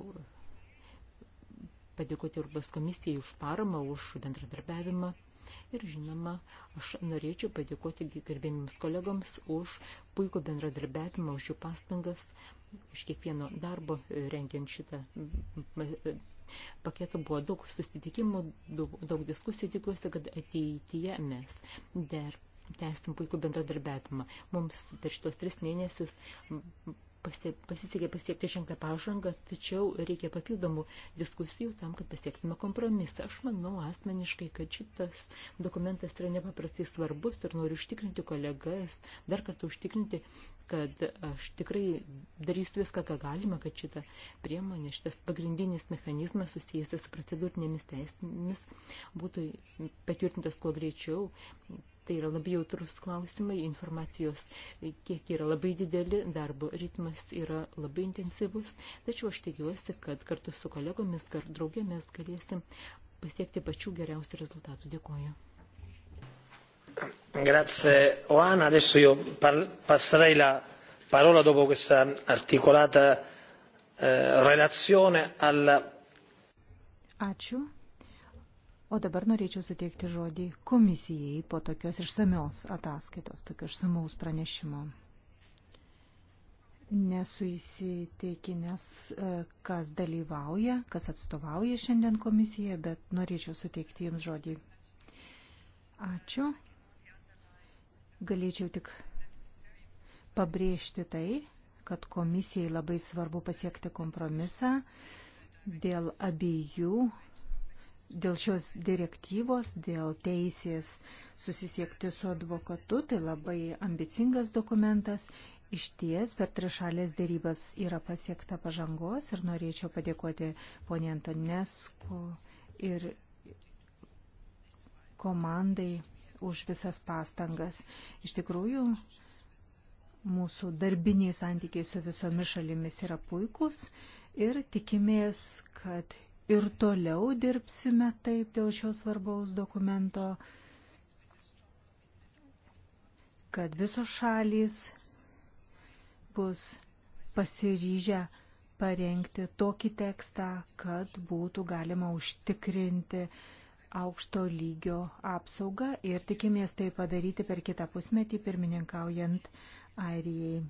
B: padėkoti Urbas komisijai už paramą, už bendradarbiavimą. Ir žinoma, aš norėčiau padėkoti gerbėmiams kolegoms už puikų bendradarbiavimą, už jų pastangas iš kiekvieno darbo e, rengiant šitą e, paketą buvo daug susitikimų, daug, daug diskusijų, tikiuosi, kad ateityje mes dar tęsim puikų bendradarbiavimą. Mums per šitos tris mėnesius pasie, pasisekė pasiekti ženklę pažangą, tačiau reikia papildomų diskusijų tam, kad pasiektume kompromisą. Aš manau asmeniškai, kad šitas dokumentas yra nepaprastai svarbus ir noriu užtikrinti kolegas, dar kartą užtikrinti, kad aš tikrai darysiu viską, ką galima, kad šita priemonė, šitas pagrindinis mechanizmas susijęs su procedūrinėmis teisėmis būtų patvirtintas kuo greičiau. Tai yra labai jautrus klausimai, informacijos kiek yra labai dideli, darbo ritmas yra labai intensyvus, tačiau aš tikiuosi, kad kartu su kolegomis, draugėmis galėsim pasiekti pačių geriausių rezultatų. Dėkuoju
A: grazie Oana. Adesso io par- passerei la parola dopo questa articolata eh, relazione alla.
C: Ačiū. O dabar norėčiau suteikti žodį komisijai po tokios išsamios ataskaitos, tokio išsamaus pranešimo. Nesu įsitikinęs, e, kas dalyvauja, kas atstovauja šiandien komisiją, bet norėčiau suteikti jums žodį. Ačiū. Galėčiau tik pabrėžti tai, kad komisijai labai svarbu pasiekti kompromisą dėl abiejų, dėl šios direktyvos, dėl teisės susisiekti su advokatu. Tai labai ambicingas dokumentas. Iš ties per trišalės dėrybas yra pasiekta pažangos ir norėčiau padėkoti ponė Antonesku ir komandai už visas pastangas. Iš tikrųjų, mūsų darbiniai santykiai su visomis šalimis yra puikus ir tikimės, kad ir toliau dirbsime taip dėl šios svarbaus dokumento, kad visos šalys bus pasiryžę parengti tokį tekstą, kad būtų galima užtikrinti uh, aukšto lygio apsaugą ir tikimės tai padaryti per kitą pusmetį pirmininkaujant Airijai.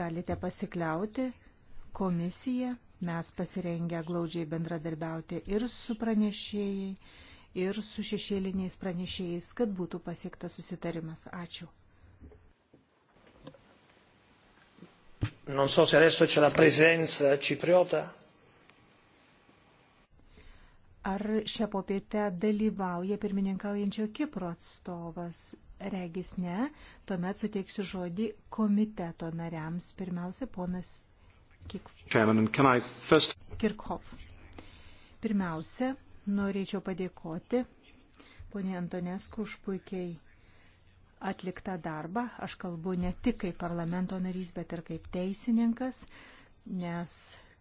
C: Galite pasikliauti komisiją, mes pasirengę glaudžiai bendradarbiauti ir su pranešėjai, ir su šešėliniais pranešėjais, kad būtų pasiektas susitarimas. Ačiū.
A: Non so se adesso c'è la presenza cipriota.
C: Ar šią popietę dalyvauja pirmininkaujančio Kipro atstovas? Regis ne. Tuomet suteiksiu žodį komiteto nariams. Pirmiausia, ponas Kirchhoff. Pirmiausia, norėčiau padėkoti ponė Antonesku už puikiai atliktą darbą. Aš kalbu ne tik kaip parlamento narys, bet ir kaip teisininkas, nes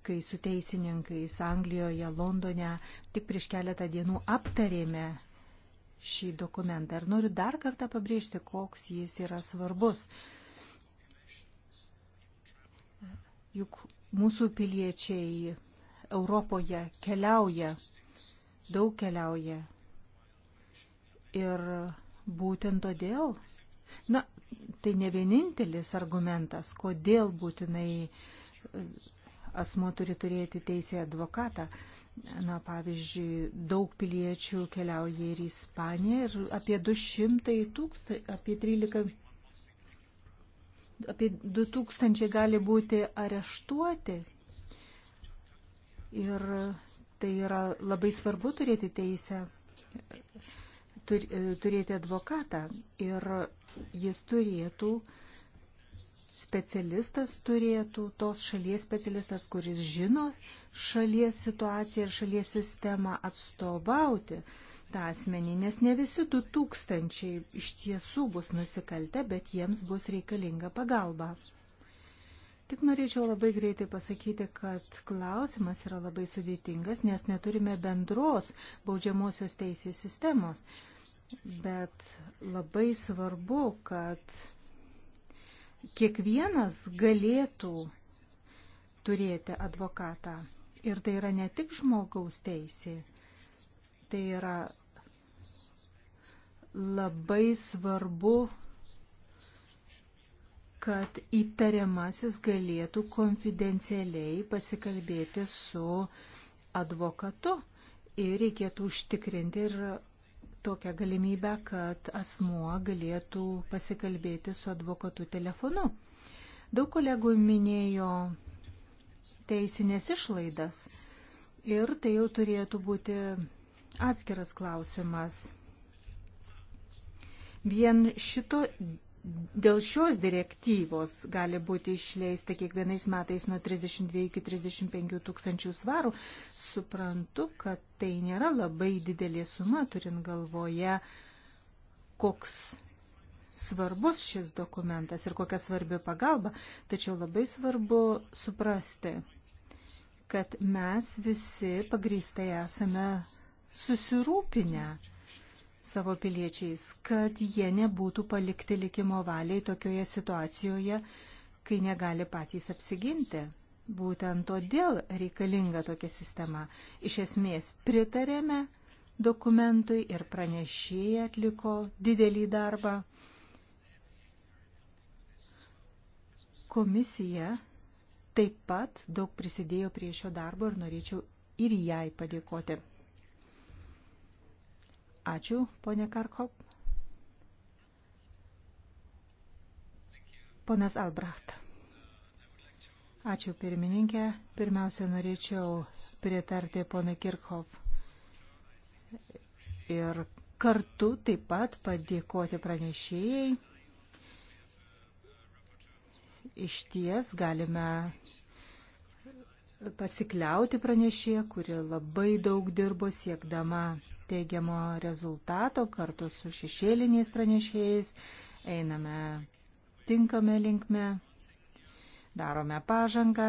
C: praktikais, su teisininkais Anglijoje, Londone. Tik prieš keletą dienų aptarėme šį dokumentą. Ir noriu dar kartą pabrėžti, koks jis yra svarbus. Juk mūsų piliečiai Europoje keliauja, daug keliauja. Ir būtent todėl, na, tai ne vienintelis argumentas, kodėl būtinai asmo turi turėti teisę advokatą. Na, pavyzdžiui, daug piliečių keliauja ir į Ispaniją ir apie 200 tūkstančių, apie 13, apie 2000 gali būti areštuoti. Ir tai yra labai svarbu turėti teisę turėti advokatą ir jis turėtų uh, specialistas turėtų, tos šalies specialistas, kuris žino šalies situaciją ir šalies sistemą atstovauti tą asmenį, nes ne visi du tūkstančiai iš tiesų bus nusikaltę, bet jiems bus reikalinga pagalba. Tik norėčiau labai greitai pasakyti, kad klausimas yra labai sudėtingas, nes neturime bendros baudžiamosios teisės sistemos. Bet labai svarbu, kad kiekvienas galėtų turėti advokatą. Ir tai yra ne tik žmogaus teisė, tai yra labai svarbu, kad įtariamasis galėtų konfidencialiai pasikalbėti su advokatu ir reikėtų užtikrinti ir tokią galimybę, kad asmuo galėtų pasikalbėti su advokatu telefonu. Daug kolegų minėjo teisinės išlaidas ir tai jau turėtų būti atskiras klausimas. Vien šito Dėl šios direktyvos gali būti išleista kiekvienais metais nuo 32 iki 35 tūkstančių svarų. Suprantu, kad tai nėra labai didelė suma, turint galvoje, koks svarbus šis dokumentas ir kokia svarbi pagalba. Tačiau labai svarbu suprasti, kad mes visi pagrįstai esame susirūpinę savo piliečiais, kad jie nebūtų palikti likimo valiai tokioje situacijoje, kai negali patys apsiginti. Būtent todėl reikalinga tokia sistema. Iš esmės pritarėme dokumentui ir pranešėjai atliko didelį darbą. Komisija taip pat daug prisidėjo prie šio darbo ir norėčiau ir jai padėkoti. Ačiū, ponė Karkop. Ponas Albracht. Ačiū pirmininkė. Pirmiausia, norėčiau pritarti ponui Kirchhoff. Ir kartu taip pat padėkoti pranešėjai. Iš ties galime pasikliauti pranešėją, kuri labai daug dirbo siekdama teigiamo rezultato kartu su šešėliniais pranešėjais. Einame tinkame linkme, darome pažangą.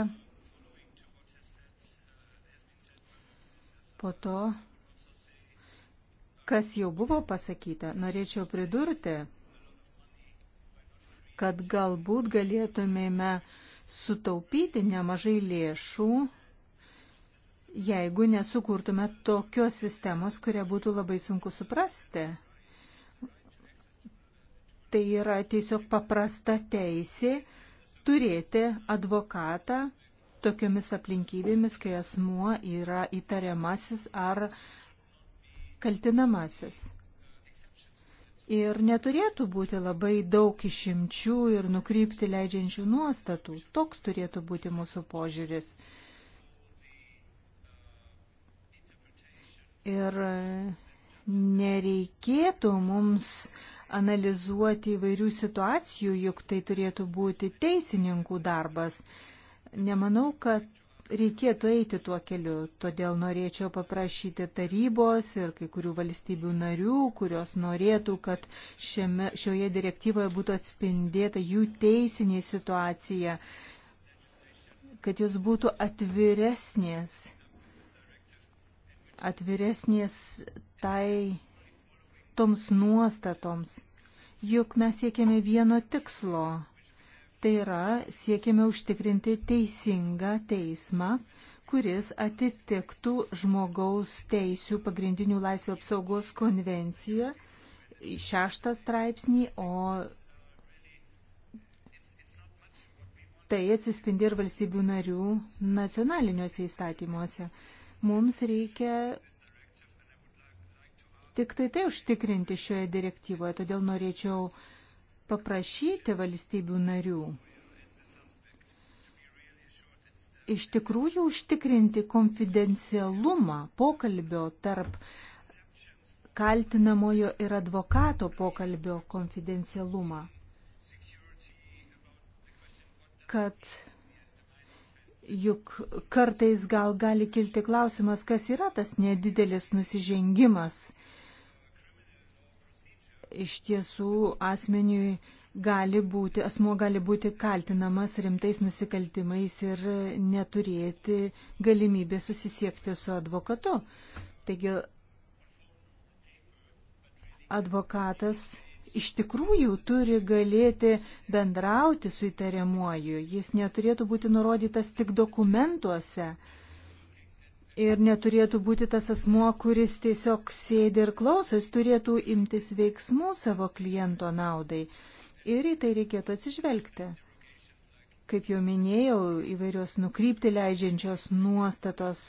C: Po to, kas jau buvo pasakyta, norėčiau pridurti, kad galbūt galėtumėme sutaupyti nemažai lėšų jeigu nesukurtume tokios sistemos, kurią būtų labai sunku suprasti. Tai yra tiesiog paprasta teisė turėti advokatą tokiomis aplinkybėmis, kai asmuo yra įtariamasis ar kaltinamasis. Ir neturėtų būti labai daug išimčių ir nukrypti leidžiančių nuostatų. Toks turėtų būti mūsų požiūris. Ir nereikėtų mums analizuoti įvairių situacijų, juk tai turėtų būti teisininkų darbas. Nemanau, kad reikėtų eiti tuo keliu, todėl norėčiau paprašyti tarybos ir kai kurių valstybių narių, kurios norėtų, kad šiame, šioje direktyvoje būtų atspindėta jų teisinė situacija, kad jos būtų atviresnės atviresnės tai toms nuostatoms, juk mes siekiame vieno tikslo. Tai yra siekiame užtikrinti teisingą teismą, kuris atitiktų žmogaus teisų pagrindinių laisvių apsaugos konvenciją šeštą straipsnį, o tai atsispindi ir valstybių narių nacionaliniuose įstatymuose. Mums reikia tik tai tai užtikrinti šioje direktyvoje, todėl norėčiau paprašyti valstybių narių iš tikrųjų užtikrinti konfidencialumą pokalbio tarp kaltinamojo ir advokato pokalbio konfidencialumą, kad juk kartais gal gali kilti klausimas, kas yra tas nedidelis nusižengimas. Iš tiesų asmeniui gali būti, asmo gali būti kaltinamas rimtais nusikaltimais ir neturėti galimybę susisiekti su advokatu. Taigi advokatas iš tikrųjų turi galėti bendrauti su įtariamuoju. Jis neturėtų būti nurodytas tik dokumentuose. Ir neturėtų būti tas asmo, kuris tiesiog sėdi ir klauso, jis turėtų imtis veiksmų savo kliento naudai. Ir į tai reikėtų atsižvelgti. Kaip jau minėjau, įvairios nukrypti leidžiančios nuostatos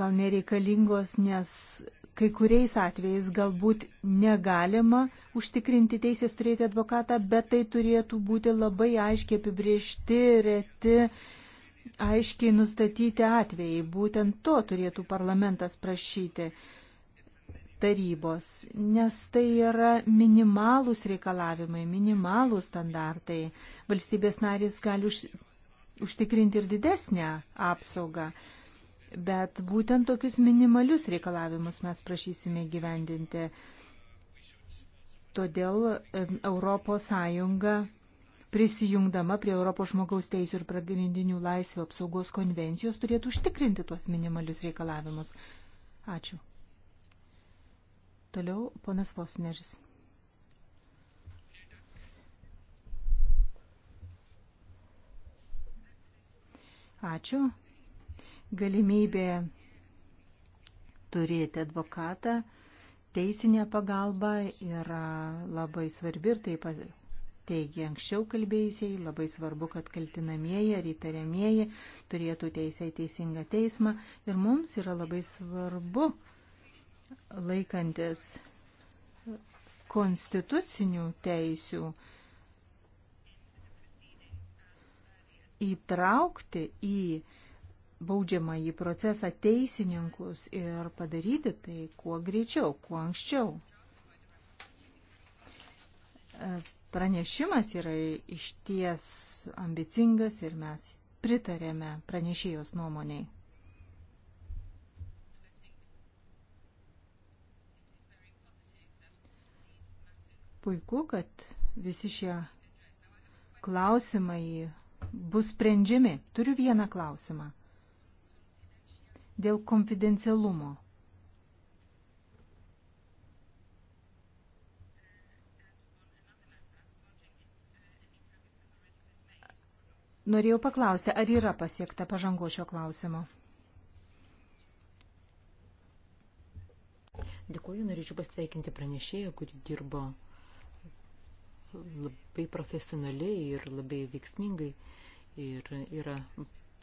C: gal nereikalingos, nes kai kuriais atvejais galbūt negalima užtikrinti teisės turėti advokatą, bet tai turėtų būti labai aiškiai apibriežti, reti, aiškiai nustatyti atvejai. Būtent to turėtų parlamentas prašyti tarybos, nes tai yra minimalūs reikalavimai, minimalūs standartai. Valstybės narys gali už, užtikrinti ir didesnę apsaugą bet būtent tokius minimalius reikalavimus mes prašysime gyvendinti. Todėl ES prisijungdama prie Europos žmogaus teisų ir pagrindinių laisvių apsaugos konvencijos turėtų užtikrinti tuos minimalius reikalavimus. Ačiū. Toliau ponas Vosneris. Ačiū galimybė turėti advokatą, teisinė pagalba yra labai svarbi ir taip pat teigia anksčiau kalbėjusiai, labai svarbu, kad kaltinamieji ar įtariamieji turėtų teisę į teisingą teismą ir mums yra labai svarbu laikantis konstitucinių teisių įtraukti į baudžiamą į procesą teisininkus ir padaryti tai kuo greičiau, kuo anksčiau. E, pranešimas yra išties ambicingas ir mes pritarėme pranešėjos nuomoniai. Puiku, kad visi šie klausimai bus sprendžiami. Turiu vieną klausimą dėl konfidencialumo. Norėjau paklausti, ar yra pasiekta pažango šio klausimo.
B: Dėkuoju, norėčiau pasveikinti pranešėją, kuri dirbo labai profesionaliai ir labai veiksmingai ir yra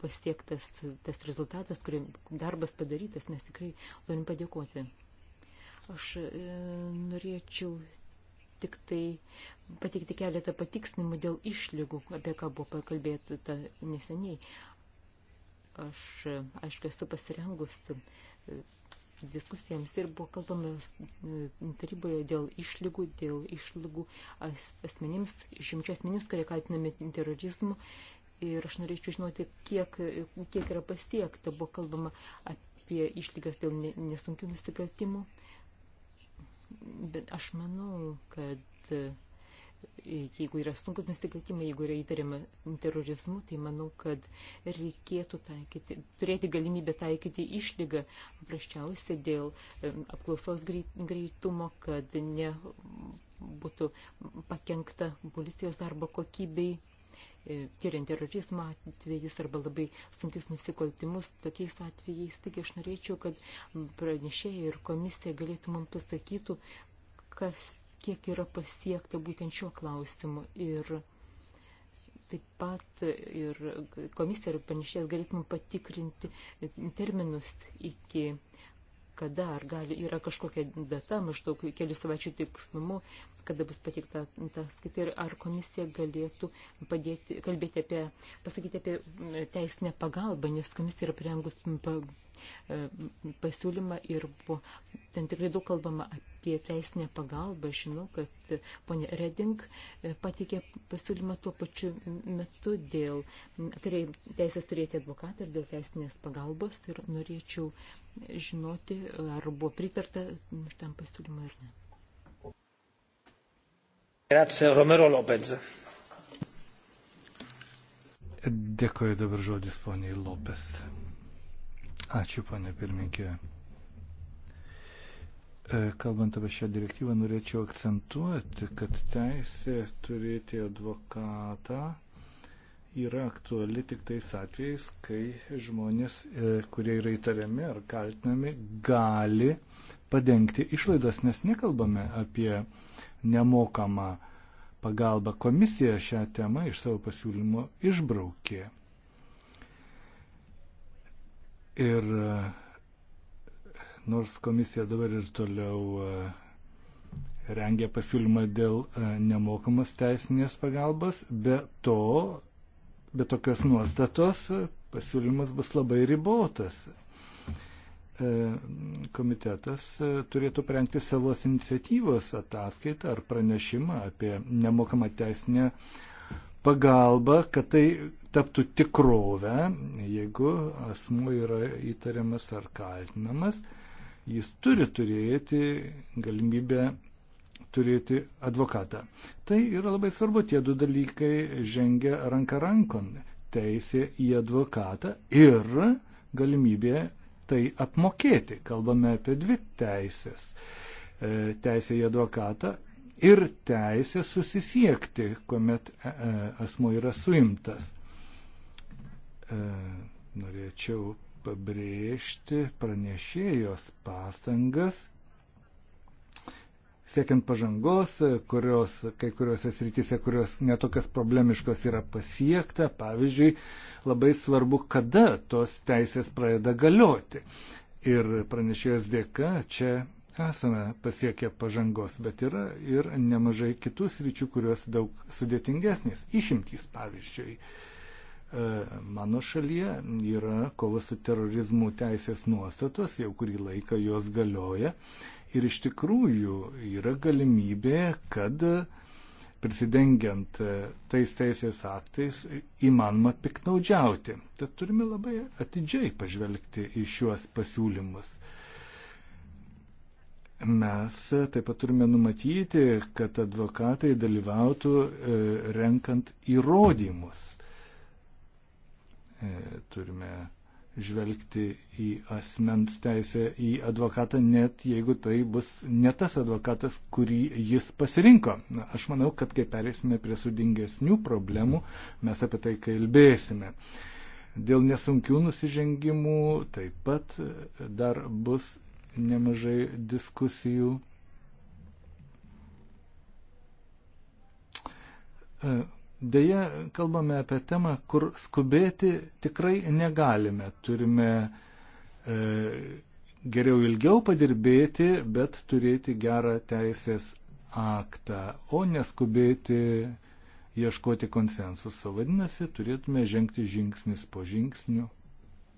B: pasiektas tas rezultatas, kurį darbas padarytas, mes tikrai norim padėkoti. Aš e, norėčiau tik tai pateikti keletą patiksnimų dėl išlygų, apie ką buvo pakalbėta neseniai. Aš, e, aišku, esu pasirengusi e, diskusijams ir buvo kalbama e, taryboje dėl išlygų, dėl išlygų as, asmenims, šimčių asmenims, kurie kaltinami terorizmu ir aš norėčiau žinoti, kiek, kiek yra pasiekta, buvo kalbama apie išlygas dėl nesunkių nusikaltimų, bet aš manau, kad e, jeigu yra sunkus nusikaltimai, jeigu yra įtariama terorizmu, tai manau, kad reikėtų taikyti, turėti galimybę taikyti išlygą, paprasčiausiai dėl e, apklausos greitumo, kad nebūtų pakengta policijos darbo kokybei E, tyriant terorizmą atvejais arba labai sunkius nusikaltimus tokiais atvejais. Taigi aš norėčiau, kad pranešėjai ir komisija galėtų mums pasakytų, kas, kiek yra pasiekta būtent šiuo klausimu. Ir taip pat ir komisija ir panešėjas galėtume patikrinti terminus iki kada ar gali, yra kažkokia data, maždaug kelių savaičių tikslumu, kada bus patikta ta skaita ir ar komisija galėtų padėti, kalbėti apie, pasakyti apie teisinę pagalbą, nes komisija yra prirengus pa, e, pasiūlymą ir buvo ten tikrai daug kalbama apie apie teisinę pagalbą. Žinau, kad ponė Reding e, patikė pasiūlymą tuo pačiu metu dėl turėj, teisės turėti advokatą ir dėl teisinės pagalbos ir norėčiau žinoti, ar buvo pritarta tam pasiūlymui ar ne.
A: Grazie, Romero Lopez.
D: Dėkoju dabar žodis poniai Lopes. Ačiū, ponė pirminkė. E, kalbant apie šią direktyvą, norėčiau akcentuoti, kad teisė turėti advokatą yra aktuali tik tais atvejais, kai žmonės, e, kurie yra įtariami ar kaltinami, gali padengti išlaidas, nes nekalbame apie nemokamą pagalbą. Komisija šią temą iš savo pasiūlymo išbraukė. Ir e, nors komisija dabar ir toliau e, rengia pasiūlymą dėl e, nemokamos teisinės pagalbos, be to, be tokios nuostatos e, pasiūlymas bus labai ribotas. Komitetas turėtų prengti savos iniciatyvos ataskaitą ar pranešimą apie nemokamą teisinę pagalbą, kad tai taptų tikrovę, jeigu asmuo yra įtariamas ar kaltinamas jis turi turėti galimybę turėti advokatą. Tai yra labai svarbu, tie du dalykai žengia ranka rankon - teisė į advokatą ir galimybė tai apmokėti. Kalbame apie dvi teisės e, - teisė į advokatą ir teisė susisiekti, kuomet e, e, asmo yra suimtas. Norėčiau pabrėžti pranešėjos pastangas, siekiant pažangos, kurios kai kuriuose srityse, kurios netokios problemiškos yra pasiekta. Pavyzdžiui, labai svarbu, kada tos teisės pradeda galioti. Ir pranešėjos dėka čia esame pasiekę pažangos, bet yra ir nemažai kitų sričių, kurios daug sudėtingesnės. Išimtys, pavyzdžiui, E, mano šalyje yra kova su terorizmu teisės nuostatos, jau kurį laiką jos galioja. Ir iš tikrųjų yra galimybė, kad prisidengiant e, tais teisės aktais įmanoma piknaudžiauti. Tad turime labai atidžiai pažvelgti į šiuos pasiūlymus. Mes taip pat turime numatyti, kad advokatai dalyvautų e, renkant įrodymus E, turime žvelgti į asmens teisę į advokatą, net jeigu tai bus ne tas advokatas, kurį jis pasirinko. Aš manau, kad kai perėsime prie sudingesnių problemų, mes apie tai kalbėsime. Dėl nesunkių nusižengimų taip pat dar bus nemažai diskusijų. E, Deja, kalbame apie temą, kur skubėti tikrai negalime. Turime e, geriau ilgiau padirbėti, bet turėti gerą teisės aktą, o neskubėti ieškoti konsensuso. Vadinasi, turėtume žengti žingsnis po žingsnių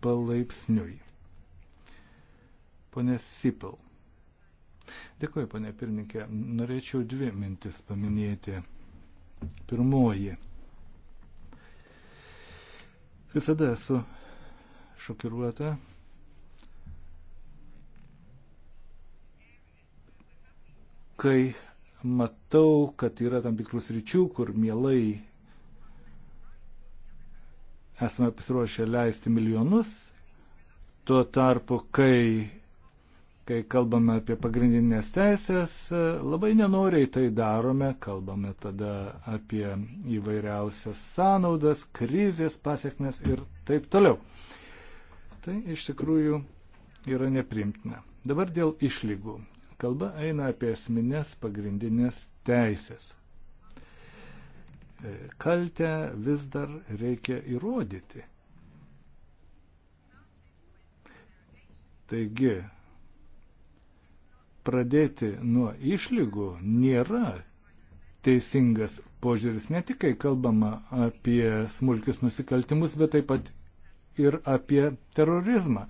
D: palaipsniui. Pone Sipel. Dėkuoju, pane pirmininkė. Norėčiau dvi mintis paminėti. Pirmoji. Visada esu šokiruota. Kai matau, kad yra tam tikrus ryčių, kur mielai esame pasiruošę leisti milijonus, tuo tarpu, kai kai kalbame apie pagrindinės teisės, labai nenoriai tai darome, kalbame tada apie įvairiausias sąnaudas, krizės pasiekmes ir taip toliau. Tai iš tikrųjų yra neprimtina. Dabar dėl išlygų. Kalba eina apie esminės pagrindinės teisės. E, kaltę vis dar reikia įrodyti. Taigi, pradėti nuo išlygų nėra teisingas požiūris, ne tik kai kalbama apie smulkius nusikaltimus, bet taip pat ir apie terorizmą.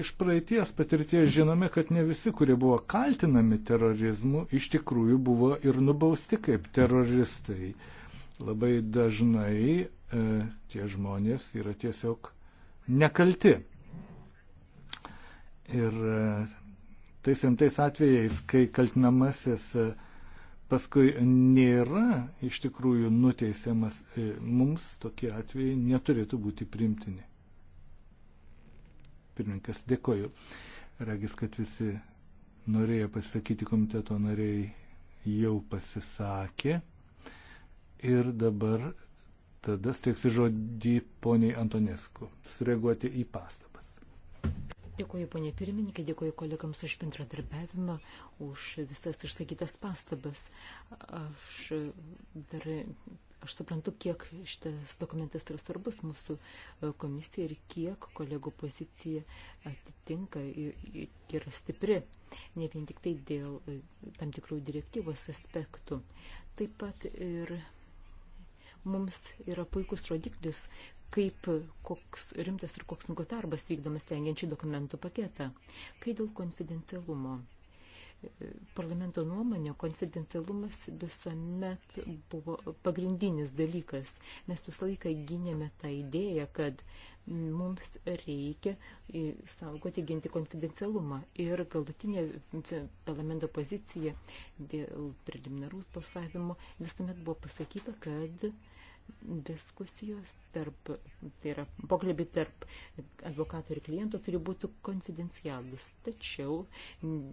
D: Iš praeities patirties žinome, kad ne visi, kurie buvo kaltinami terorizmu, iš tikrųjų buvo ir nubausti kaip teroristai. Labai dažnai e, tie žmonės yra tiesiog nekalti. Ir e, tais rimtais atvejais, kai kaltinamasis e, paskui nėra iš tikrųjų nuteisiamas, e, mums tokie atvejai neturėtų būti primtini. Pirmininkas, dėkoju. Regis, kad visi norėjo pasisakyti komiteto nariai jau pasisakė. Ir dabar tada steiksi žodį poniai Antonesku sureaguoti į pastabą.
B: Dėkuoju, ponė pirmininkė, dėkuoju kolegams už bendradarbiavimą, už visas išsakytas pastabas. Aš dar, aš suprantu, kiek šitas dokumentas yra svarbus mūsų komisija ir kiek kolegų pozicija atitinka ir yra stipri, ne vien tik tai dėl tam tikrų direktyvos aspektų. Taip pat ir mums yra puikus rodiklis, kaip koks rimtas ir koks sunkus darbas vykdomas rengiančių dokumentų paketą. Kai dėl konfidencialumo. Parlamento nuomonė, konfidencialumas visuomet buvo pagrindinis dalykas. Mes visą laiką gynėme tą idėją, kad mums reikia saugoti, ginti konfidencialumą. Ir galutinė parlamento pozicija dėl preliminarus balsavimo visuomet buvo pasakyta, kad diskusijos tarp, tai yra pokalbį tarp advokato ir kliento turi būti konfidencialus. Tačiau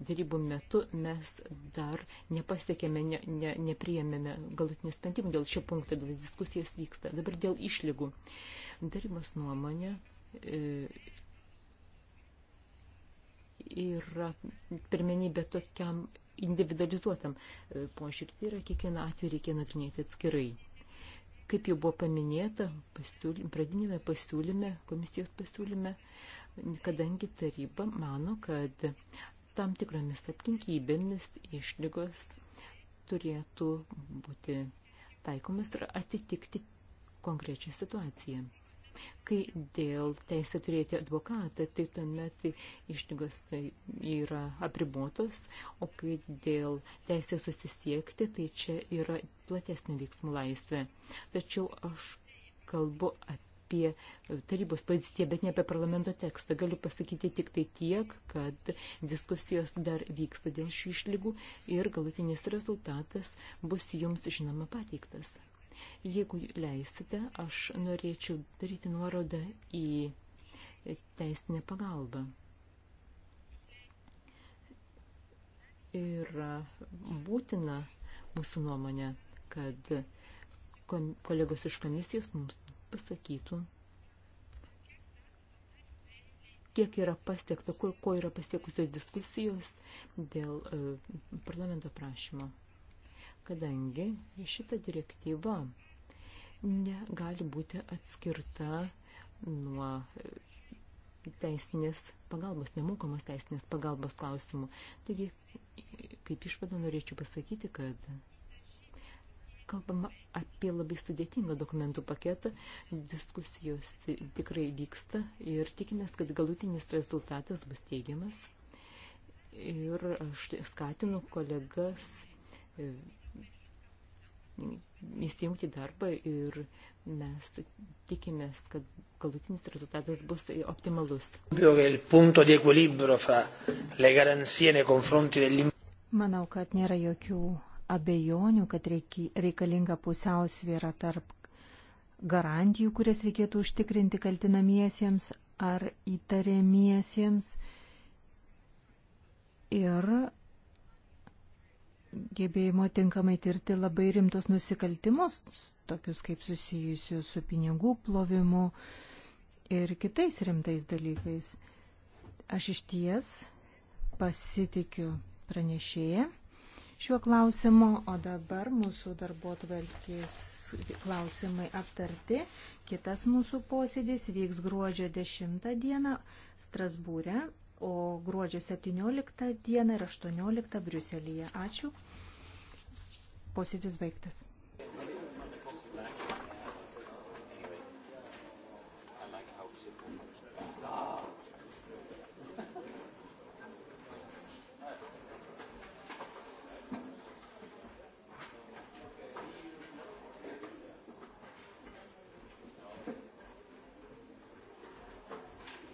B: dėrybų metu mes dar nepasiekėme, ne, ne, nepriėmėme galutinį sprendimą dėl šio punkto, dėl diskusijos vyksta. Dabar dėl išlygų. Darimas nuomonė. E, yra pirmenybė tokiam individualizuotam e, požiūrį, tai yra kiekvieną atvejį reikia nagrinėti atskirai. Kaip jau buvo paminėta, pasiūly, pradinėme pasiūlyme, komisijos pasiūlyme, kadangi taryba mano, kad tam tikromis aplinkybėmis išlygos turėtų būti taikomas ir atitikti konkrečią situaciją. Kai dėl teisė turėti advokatą, tai tuomet išlygos yra apribotos, o kai dėl teisė susisiekti, tai čia yra platesnė veiksmų laisvė. Tačiau aš kalbu apie apie tarybos poziciją, bet ne apie parlamento tekstą. Galiu pasakyti tik tai tiek, kad diskusijos dar vyksta dėl šių išlygų ir galutinis rezultatas bus jums žinoma pateiktas. Jeigu leisite, aš norėčiau daryti nuorodą į teisinę pagalbą. Ir būtina mūsų nuomonė, kad kolegos iš komisijos mums pasakytų, kiek yra pasiekta, ko yra pasiekusios diskusijos dėl e, parlamento prašymo kadangi šita direktyva negali būti atskirta nuo teisinės pagalbos, nemokamos teisinės pagalbos klausimų. Taigi, kaip išvada norėčiau pasakyti, kad kalbama apie labai sudėtingą dokumentų paketą, diskusijos tikrai vyksta ir tikimės, kad galutinis rezultatas bus teigiamas. Ir aš skatinu kolegas įsijungti darbą ir mes tikimės, kad galutinis rezultatas bus optimalus.
C: Manau, kad nėra jokių abejonių, kad reikalinga pusiausvėra tarp garantijų, kurias reikėtų užtikrinti kaltinamiesiems ar įtariamiesiems ir gebėjimo tinkamai tirti labai rimtus nusikaltimus, tokius kaip susijusius su pinigų plovimu ir kitais rimtais dalykais. Aš iš ties pasitikiu pranešėją šiuo klausimu, o dabar mūsų darbo tvarkės klausimai aptarti. Kitas mūsų posėdis vyks gruodžio 10 dieną Strasbūre o gruodžio 17 dieną ir 18 Briuselėje. Ačiū. Posėdis baigtas.